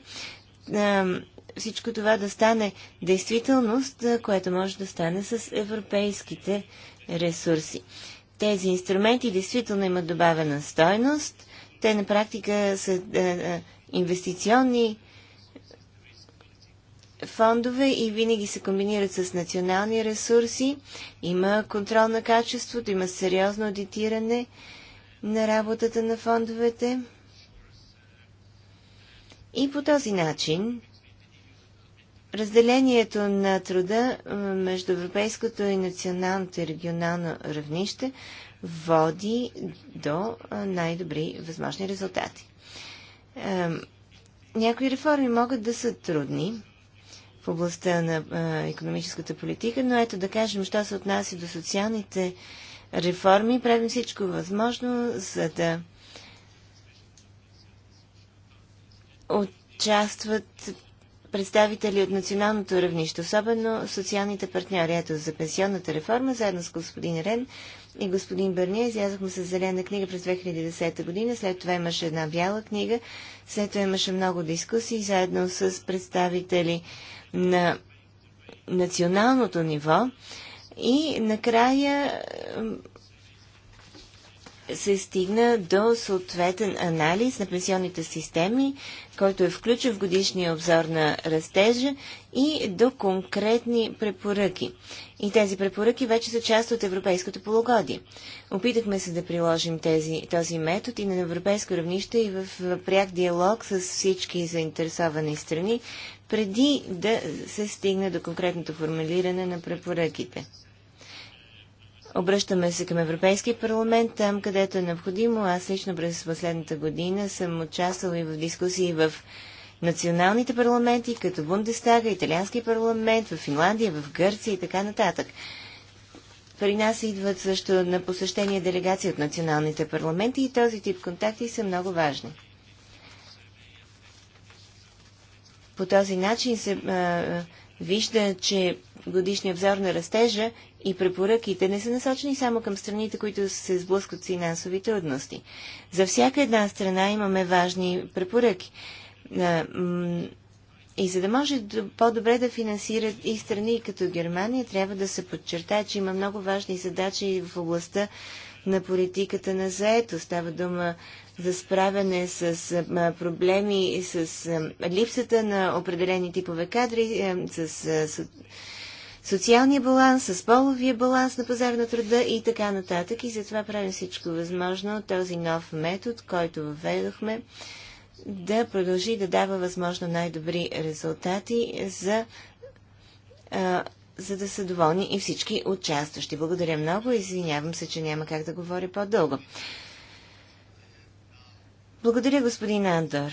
всичко това да стане действителност, което може да стане с европейските ресурси. Тези инструменти действително имат добавена стойност. Те на практика са е, е, инвестиционни фондове и винаги се комбинират с национални ресурси. Има контрол на качеството, има сериозно аудитиране на работата на фондовете. И по този начин разделението на труда между европейското и националното и регионално равнище води до най-добри възможни резултати. Някои реформи могат да са трудни в областта на економическата политика, но ето да кажем, що се отнася до социалните реформи, правим всичко възможно, за да участват представители от националното равнище, особено социалните партньори. Ето за пенсионната реформа, заедно с господин Рен и господин Бърния, излязохме с зелена книга през 2010 година, след това имаше една бяла книга, след това имаше много дискусии, заедно с представители на националното ниво и накрая се стигна до съответен анализ на пенсионните системи, който е включен в годишния обзор на растежа и до конкретни препоръки. И тези препоръки вече са част от европейското полугодие. Опитахме се да приложим тези, този метод и на европейско равнище и в пряк диалог с всички заинтересовани страни, преди да се стигне до конкретното формулиране на препоръките. Обръщаме се към Европейския парламент, там където е необходимо. Аз лично през последната година съм участвала и в дискусии в националните парламенти, като Бундестага, Италиански парламент, в Финландия, в Гърция и така нататък. При нас идват също на посещение делегации от националните парламенти и този тип контакти са много важни. По този начин се а, вижда, че годишният обзор на растежа и препоръките не са насочени само към страните, които се сблъскват с финансови трудности. За всяка една страна имаме важни препоръки. И за да може по-добре да финансират и страни като Германия, трябва да се подчертае, че има много важни задачи в областта на политиката на заето. Става дума за справяне с проблеми, с липсата на определени типове кадри, с социалния баланс, с половия баланс на пазар на труда и така нататък. И затова правим всичко възможно този нов метод, който въведохме, да продължи да дава възможно най-добри резултати за за да са доволни и всички участващи. Благодаря много. Извинявам се, че няма как да говоря по-дълго. Благодаря, господин Андор.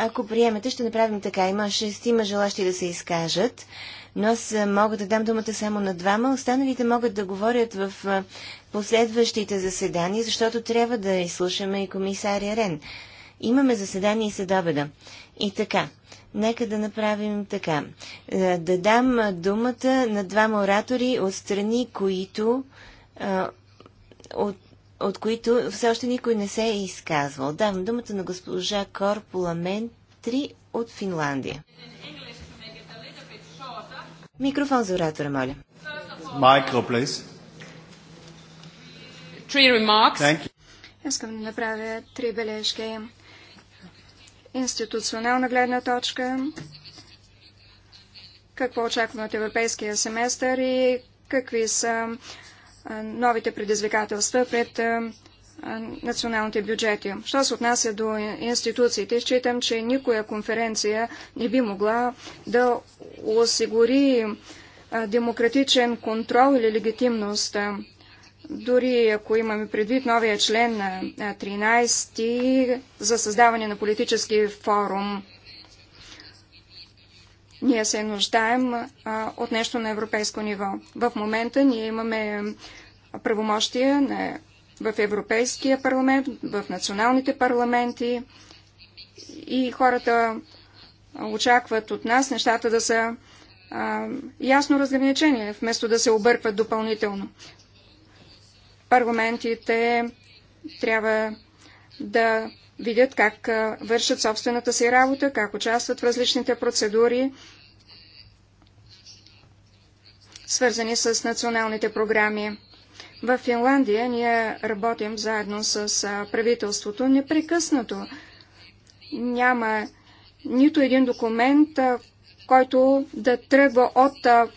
Ако приемете, ще направим така. Има шестима желащи да се изкажат, но аз мога да дам думата само на двама. Останалите могат да говорят в последващите заседания, защото трябва да изслушаме и комисаря Рен. Имаме заседание след обеда. И така, нека да направим така. Да дам думата на двама оратори от страни, които от от които все още никой не се е изказвал. Давам думата на госпожа Корпула Мен 3 от Финландия. Микрофон за оратора, моля. Майкро, Искам да направя три бележки. Институционална гледна точка, какво очакваме от европейския семестър и какви са новите предизвикателства пред националните бюджети. Що се отнася до институциите, считам, че никоя конференция не би могла да осигури демократичен контрол или легитимност. Дори ако имаме предвид новия член на 13 за създаване на политически форум, ние се нуждаем от нещо на европейско ниво. В момента ние имаме правомощия на, в Европейския парламент, в националните парламенти и хората очакват от нас нещата да са а, ясно разграничени, вместо да се объркват допълнително. Парламентите трябва да видят как вършат собствената си работа, как участват в различните процедури, свързани с националните програми. В Финландия ние работим заедно с правителството непрекъснато. Няма нито един документ, който да тръгва от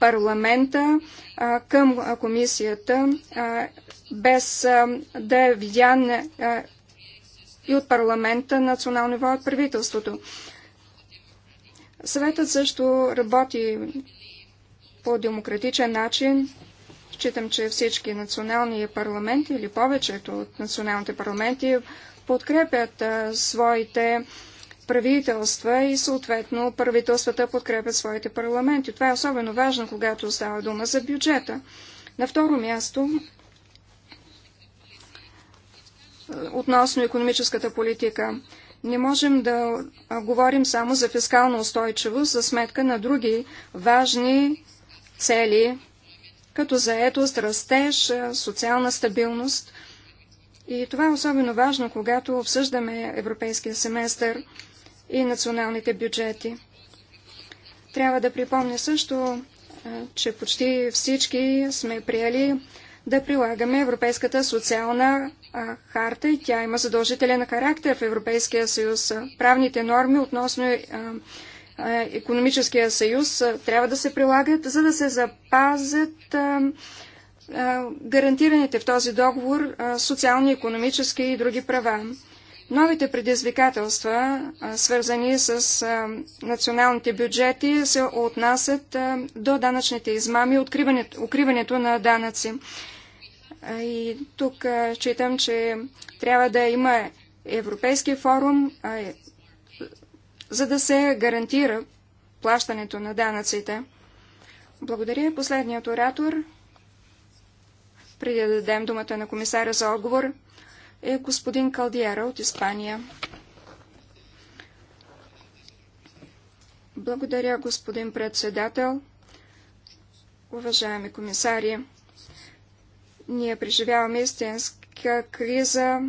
парламента към комисията, без да е видян и от парламента национално ниво от правителството. Съветът също работи по демократичен начин. Считам, че всички национални парламенти или повечето от националните парламенти подкрепят а, своите правителства и съответно правителствата подкрепят своите парламенти. Това е особено важно, когато става дума за бюджета. На второ място, относно економическата политика. Не можем да говорим само за фискална устойчивост за сметка на други важни цели, като заетост, растеж, социална стабилност. И това е особено важно, когато обсъждаме европейския семестър и националните бюджети. Трябва да припомня също, че почти всички сме приели да прилагаме Европейската социална харта и тя има задължителен характер в Европейския съюз. Правните норми относно а, економическия съюз трябва да се прилагат, за да се запазят гарантираните в този договор социални, економически и други права. Новите предизвикателства, свързани с националните бюджети, се отнасят до данъчните измами, укриването на данъци. И тук читам, че трябва да има Европейски форум, за да се гарантира плащането на данъците. Благодаря. Последният оратор, преди да дадем думата на комисаря за отговор, е господин Калдиера от Испания. Благодаря, господин председател. Уважаеми комисари, ние преживяваме истинска криза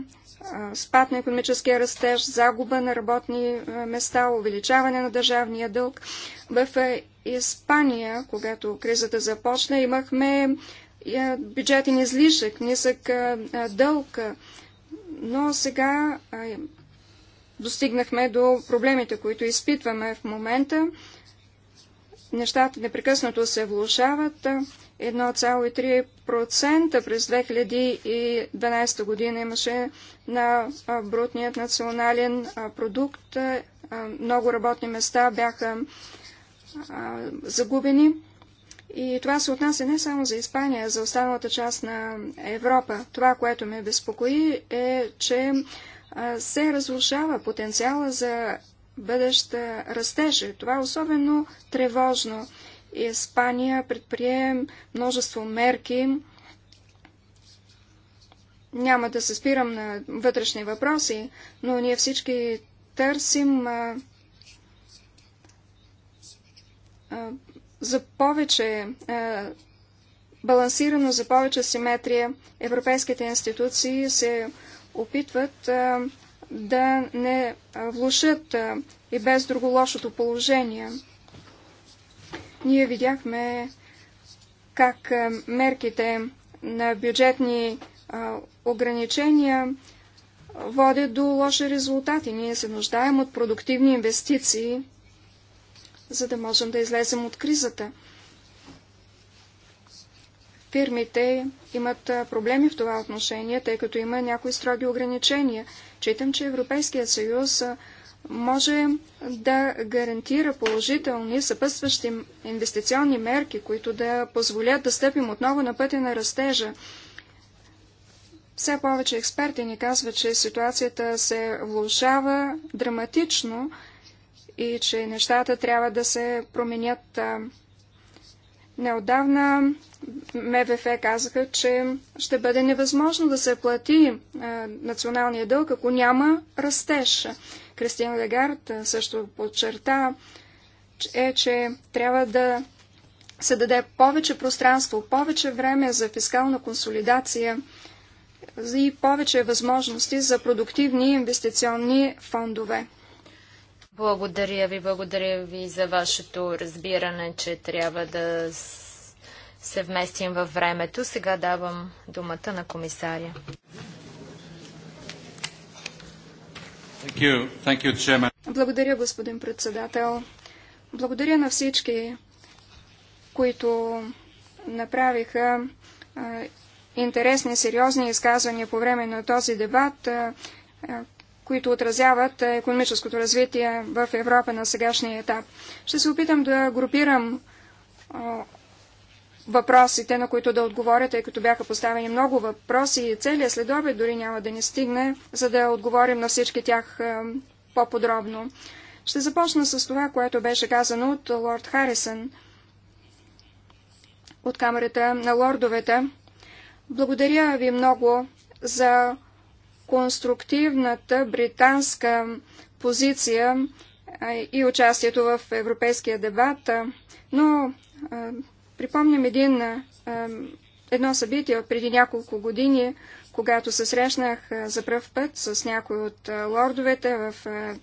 спад на економическия растеж, загуба на работни места, увеличаване на държавния дълг. В Испания, когато кризата започна, имахме бюджетен излишък, нисък дълг, но сега достигнахме до проблемите, които изпитваме в момента. Нещата непрекъснато се влушават. 1,3% през 2012 година имаше на брутният национален продукт. Много работни места бяха загубени. И това се отнася не само за Испания, за останалата част на Европа. Това, което ме безпокои е, че се разрушава потенциала за бъдещ растеж. Това е особено тревожно. Испания предприе множество мерки. Няма да се спирам на вътрешни въпроси, но ние всички търсим а, а, за повече а, балансирано, за повече симетрия. Европейските институции се опитват а, да не влушат и без друго лошото положение. Ние видяхме как мерките на бюджетни ограничения водят до лоши резултати. Ние се нуждаем от продуктивни инвестиции, за да можем да излезем от кризата. Фирмите имат проблеми в това отношение, тъй като има някои строги ограничения – Читам, че Европейският съюз може да гарантира положителни съпътстващи инвестиционни мерки, които да позволят да стъпим отново на пътя на растежа. Все повече експерти ни казват, че ситуацията се влушава драматично и че нещата трябва да се променят Неодавна МВФ казаха, че ще бъде невъзможно да се плати е, националния дълг, ако няма растеж. Кристин Легард е, също подчерта, е, че трябва да се даде повече пространство, повече време за фискална консолидация и повече възможности за продуктивни инвестиционни фондове. Благодаря ви, благодаря ви за вашето разбиране, че трябва да се вместим във времето. Сега давам думата на комисаря. Thank you. Thank you, благодаря, господин председател. Благодаря на всички, които направиха а, интересни, сериозни изказвания по време на този дебат. А, които отразяват економическото развитие в Европа на сегашния етап. Ще се опитам да групирам въпросите, на които да отговоря, тъй като бяха поставени много въпроси и целият следобед дори няма да ни стигне, за да отговорим на всички тях по-подробно. Ще започна с това, което беше казано от лорд Харисън от Камерата на лордовете. Благодаря ви много за конструктивната британска позиция и участието в европейския дебат, но припомням един, едно събитие преди няколко години, когато се срещнах за пръв път с някой от лордовете в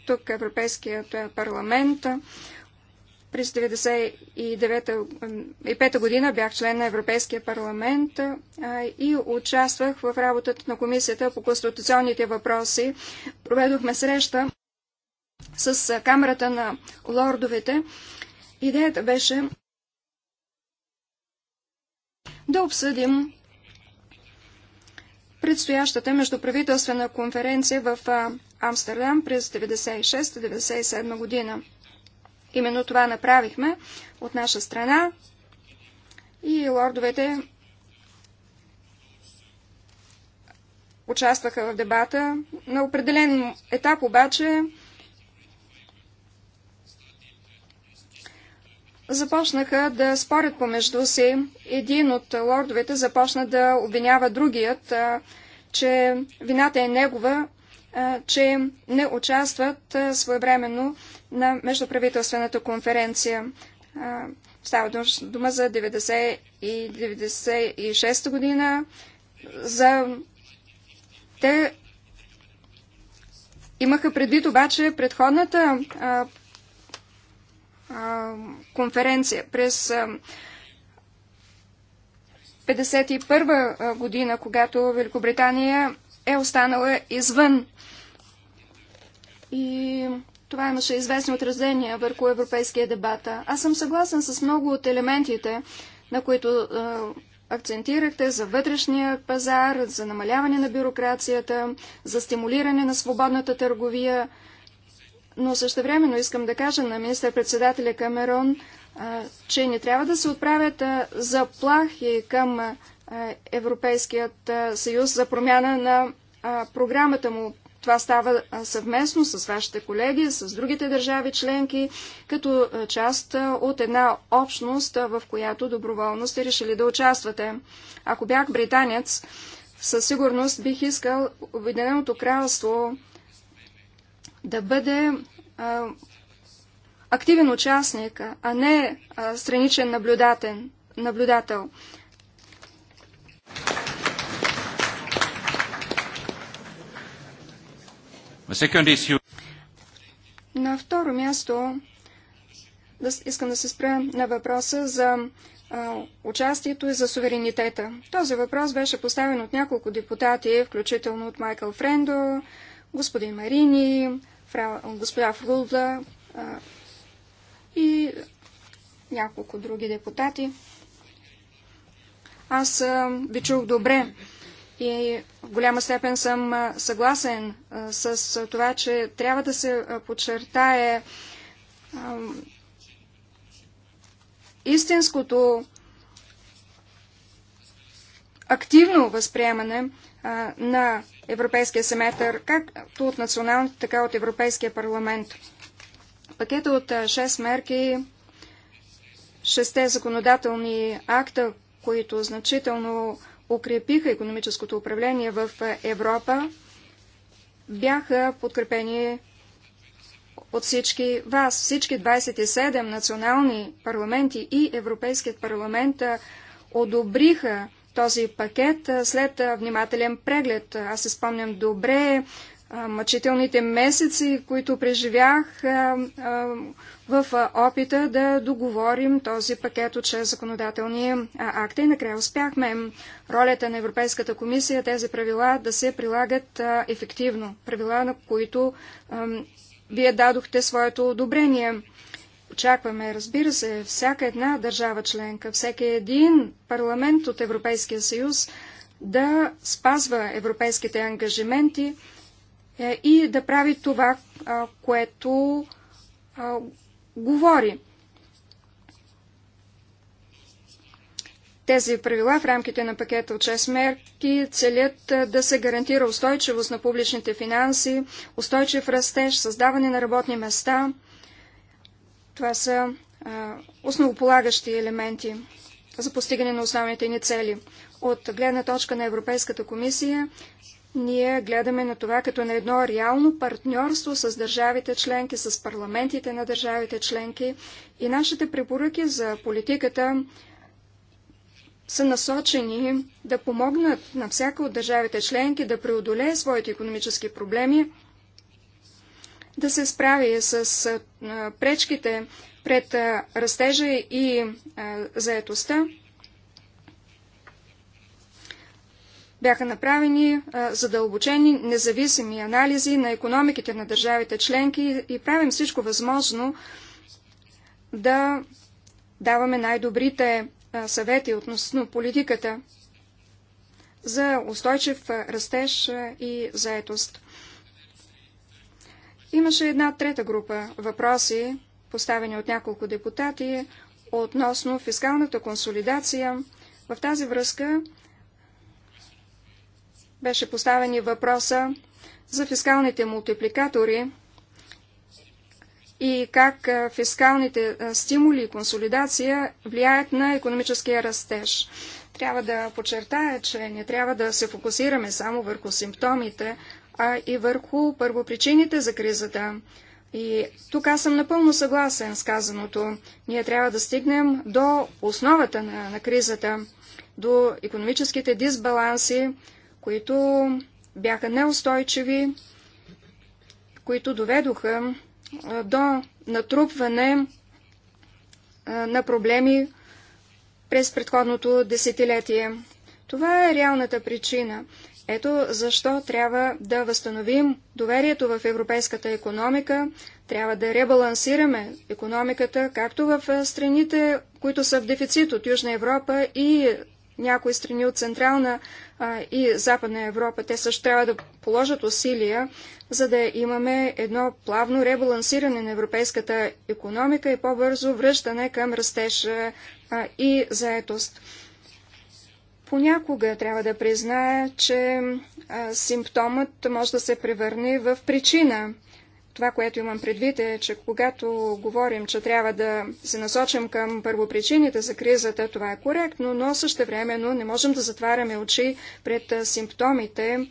тук Европейският парламент. През 1995 година бях член на Европейския парламент и участвах в работата на Комисията по конституционните въпроси. Проведохме среща с Камерата на лордовете. Идеята беше да обсъдим предстоящата междуправителствена конференция в Амстердам през 1996-1997 година. Именно това направихме от наша страна и лордовете участваха в дебата. На определен етап обаче започнаха да спорят помежду си. Един от лордовете започна да обвинява другият, че вината е негова че не участват своевременно на междуправителствената конференция. Става дума за 90 и 96 година. За... Те имаха предвид обаче предходната а, а, конференция през 1951 година, когато Великобритания е останала извън. И това имаше известни отразения върху европейския дебат. Аз съм съгласен с много от елементите, на които е, акцентирахте за вътрешния пазар, за намаляване на бюрокрацията, за стимулиране на свободната търговия. Но същевременно искам да кажа на министър-председателя Камерон, че не трябва да се отправят заплахи към е, Европейският е, съюз за промяна на е, програмата му. Това става съвместно с вашите колеги, с другите държави членки, като част от една общност, в която доброволно сте решили да участвате. Ако бях британец, със сигурност бих искал Обединеното кралство да бъде а, активен участник, а не а, страничен наблюдател. На второ място искам да се спра на въпроса за участието и за суверенитета. Този въпрос беше поставен от няколко депутати, включително от Майкъл Френдо, господин Марини, фра, господа Фрулда и няколко други депутати. Аз ви чух добре и в голяма степен съм съгласен с това, че трябва да се подчертае истинското активно възприемане на Европейския семетър, както от националните, така от Европейския парламент. Пакета от 6 мерки, 6 законодателни акта, които значително укрепиха економическото управление в Европа, бяха подкрепени от всички вас. Всички 27 национални парламенти и Европейският парламент одобриха този пакет след внимателен преглед. Аз се спомням добре мъчителните месеци, които преживях в опита да договорим този пакет от 6 законодателни акта и накрая успяхме ролята на Европейската комисия тези правила да се прилагат ефективно. Правила, на които вие дадохте своето одобрение. Очакваме, разбира се, всяка една държава членка, всеки един парламент от Европейския съюз да спазва европейските ангажименти е, и да прави това, което говори. Тези правила в рамките на пакета от 6 мерки целят да се гарантира устойчивост на публичните финанси, устойчив растеж, създаване на работни места. Това са основополагащи елементи за постигане на основните ни цели. От гледна точка на Европейската комисия ние гледаме на това като на едно реално партньорство с държавите членки, с парламентите на държавите членки и нашите препоръки за политиката са насочени да помогнат на всяка от държавите членки да преодолее своите економически проблеми, да се справи с пречките пред растежа и заетостта Бяха направени задълбочени независими анализи на економиките на държавите членки и правим всичко възможно да даваме най-добрите съвети относно политиката за устойчив растеж и заетост. Имаше една трета група въпроси, поставени от няколко депутати, относно фискалната консолидация. В тази връзка беше поставен и въпроса за фискалните мултипликатори и как фискалните стимули и консолидация влияят на економическия растеж. Трябва да подчертая, че не трябва да се фокусираме само върху симптомите, а и върху първопричините за кризата. И тук аз съм напълно съгласен с казаното. Ние трябва да стигнем до основата на, на кризата, до економическите дисбаланси, които бяха неустойчиви, които доведоха до натрупване на проблеми през предходното десетилетие. Това е реалната причина. Ето защо трябва да възстановим доверието в европейската економика, трябва да ребалансираме економиката, както в страните, които са в дефицит от Южна Европа и някои страни от Централна и Западна Европа. Те също трябва да положат усилия, за да имаме едно плавно ребалансиране на европейската економика и по-бързо връщане към растеж и заетост. Понякога трябва да призная, че симптомът може да се превърне в причина. Това, което имам предвид е, че когато говорим, че трябва да се насочим към първопричините за кризата, това е коректно, но също времено не можем да затваряме очи пред симптомите,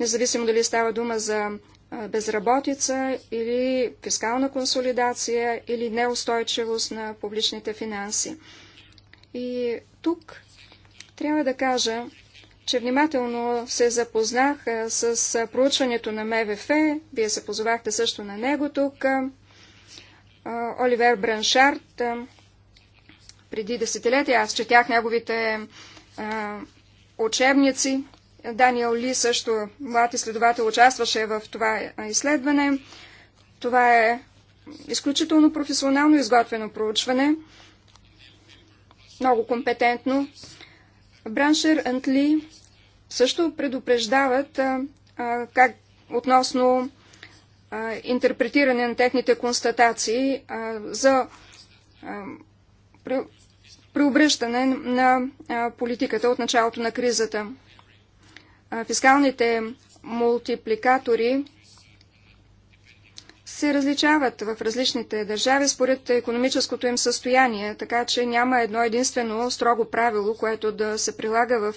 независимо дали става дума за безработица или фискална консолидация или неустойчивост на публичните финанси. И тук трябва да кажа, че внимателно се запознах с проучването на МВФ. Вие се позовахте също на него тук. Оливер Браншарт. Преди десетилетия аз четях неговите учебници. Даниел Ли също, млад изследовател, участваше в това изследване. Това е изключително професионално изготвено проучване, много компетентно. Браншер Антли също предупреждават а, а, как относно а, интерпретиране на техните констатации а, за а, преобръщане на а, политиката от началото на кризата. А, фискалните мултипликатори се различават в различните държави според економическото им състояние, така че няма едно единствено строго правило, което да се прилага в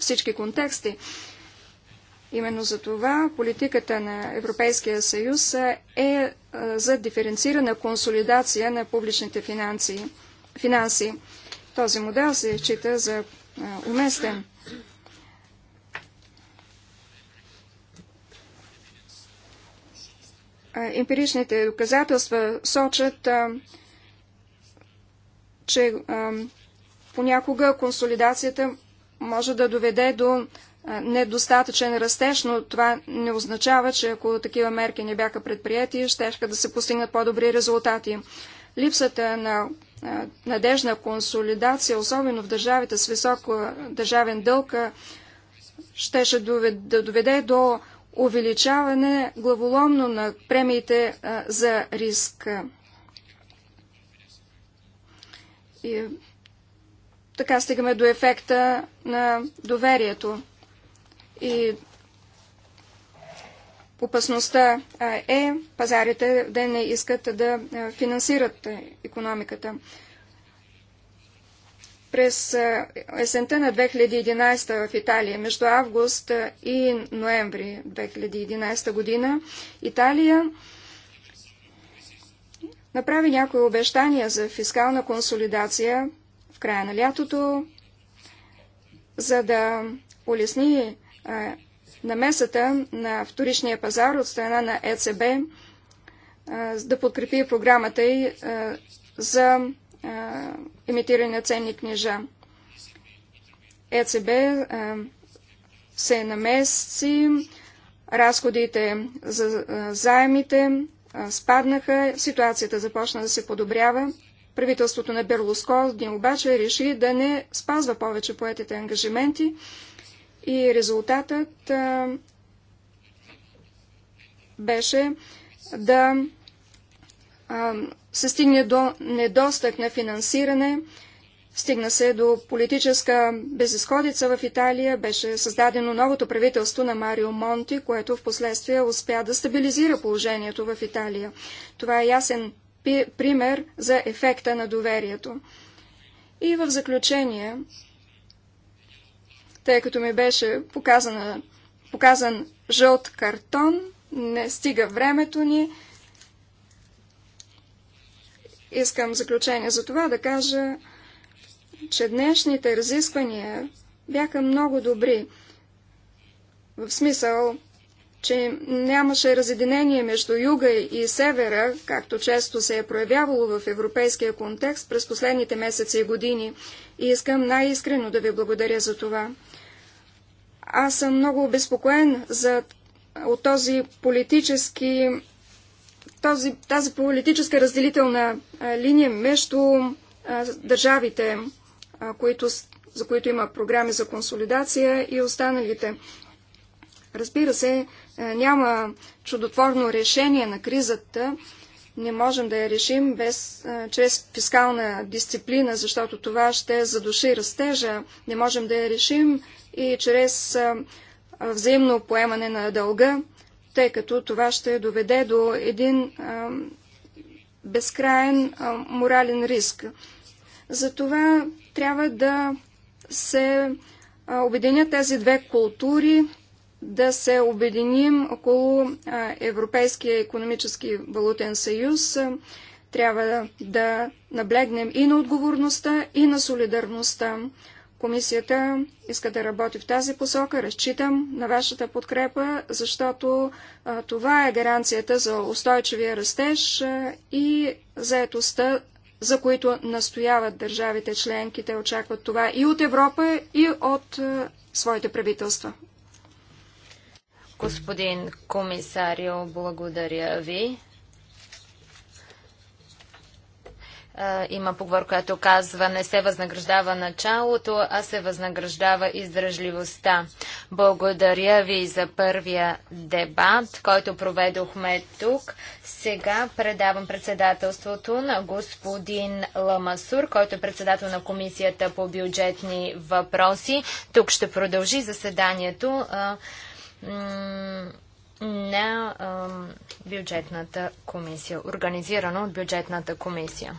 всички контексти. Именно за това политиката на Европейския съюз е за диференцирана консолидация на публичните финанси. Този модел се счита за уместен. емпиричните доказателства сочат, че понякога консолидацията може да доведе до недостатъчен растеж, но това не означава, че ако такива мерки не бяха предприяти, ще да се постигнат по-добри резултати. Липсата на надежна консолидация, особено в държавите с висок държавен дълг, ще да доведе до увеличаване главоломно на премиите а, за риск. И така стигаме до ефекта на доверието. И опасността е пазарите да не искат да финансират економиката през есента на 2011 в Италия, между август и ноември 2011 година, Италия направи някои обещания за фискална консолидация в края на лятото, за да улесни намесата на вторичния пазар от страна на ЕЦБ, да подкрепи програмата и за емитиране на ценни книжа. ЕЦБ се намеси, разходите за заемите спаднаха, ситуацията започна да се подобрява. Правителството на Берлускони обаче реши да не спазва повече поетите ангажименти и резултатът беше да се стигне до недостъг на финансиране, стигна се до политическа безисходица в Италия, беше създадено новото правителство на Марио Монти, което в последствие успя да стабилизира положението в Италия. Това е ясен пример за ефекта на доверието. И в заключение, тъй като ми беше показана, показан жълт картон, не стига времето ни, Искам заключение за това да кажа, че днешните разисквания бяха много добри. В смисъл, че нямаше разединение между юга и севера, както често се е проявявало в европейския контекст през последните месеци и години. И искам най-искрено да ви благодаря за това. Аз съм много обезпокоен за, от този политически този, тази политическа разделителна линия между държавите, които, за които има програми за консолидация и останалите. Разбира се, няма чудотворно решение на кризата. Не можем да я решим без, чрез фискална дисциплина, защото това ще задуши растежа. Не можем да я решим и чрез взаимно поемане на дълга тъй като това ще доведе до един а, безкраен а, морален риск. Затова трябва да се обединят тези две култури, да се обединим около Европейския економически валутен съюз. Трябва да наблегнем и на отговорността, и на солидарността. Комисията иска да работи в тази посока. Разчитам на вашата подкрепа, защото а, това е гаранцията за устойчивия растеж а, и заетостта, за които настояват държавите членките. Очакват това и от Европа, и от а, своите правителства. Господин комисарио, благодаря ви. има поговор, която казва не се възнаграждава началото, а се възнаграждава издръжливостта. Благодаря ви за първия дебат, който проведохме тук. Сега предавам председателството на господин Ламасур, който е председател на Комисията по бюджетни въпроси. Тук ще продължи заседанието. А, на бюджетната комисия, организирано от бюджетната комисия.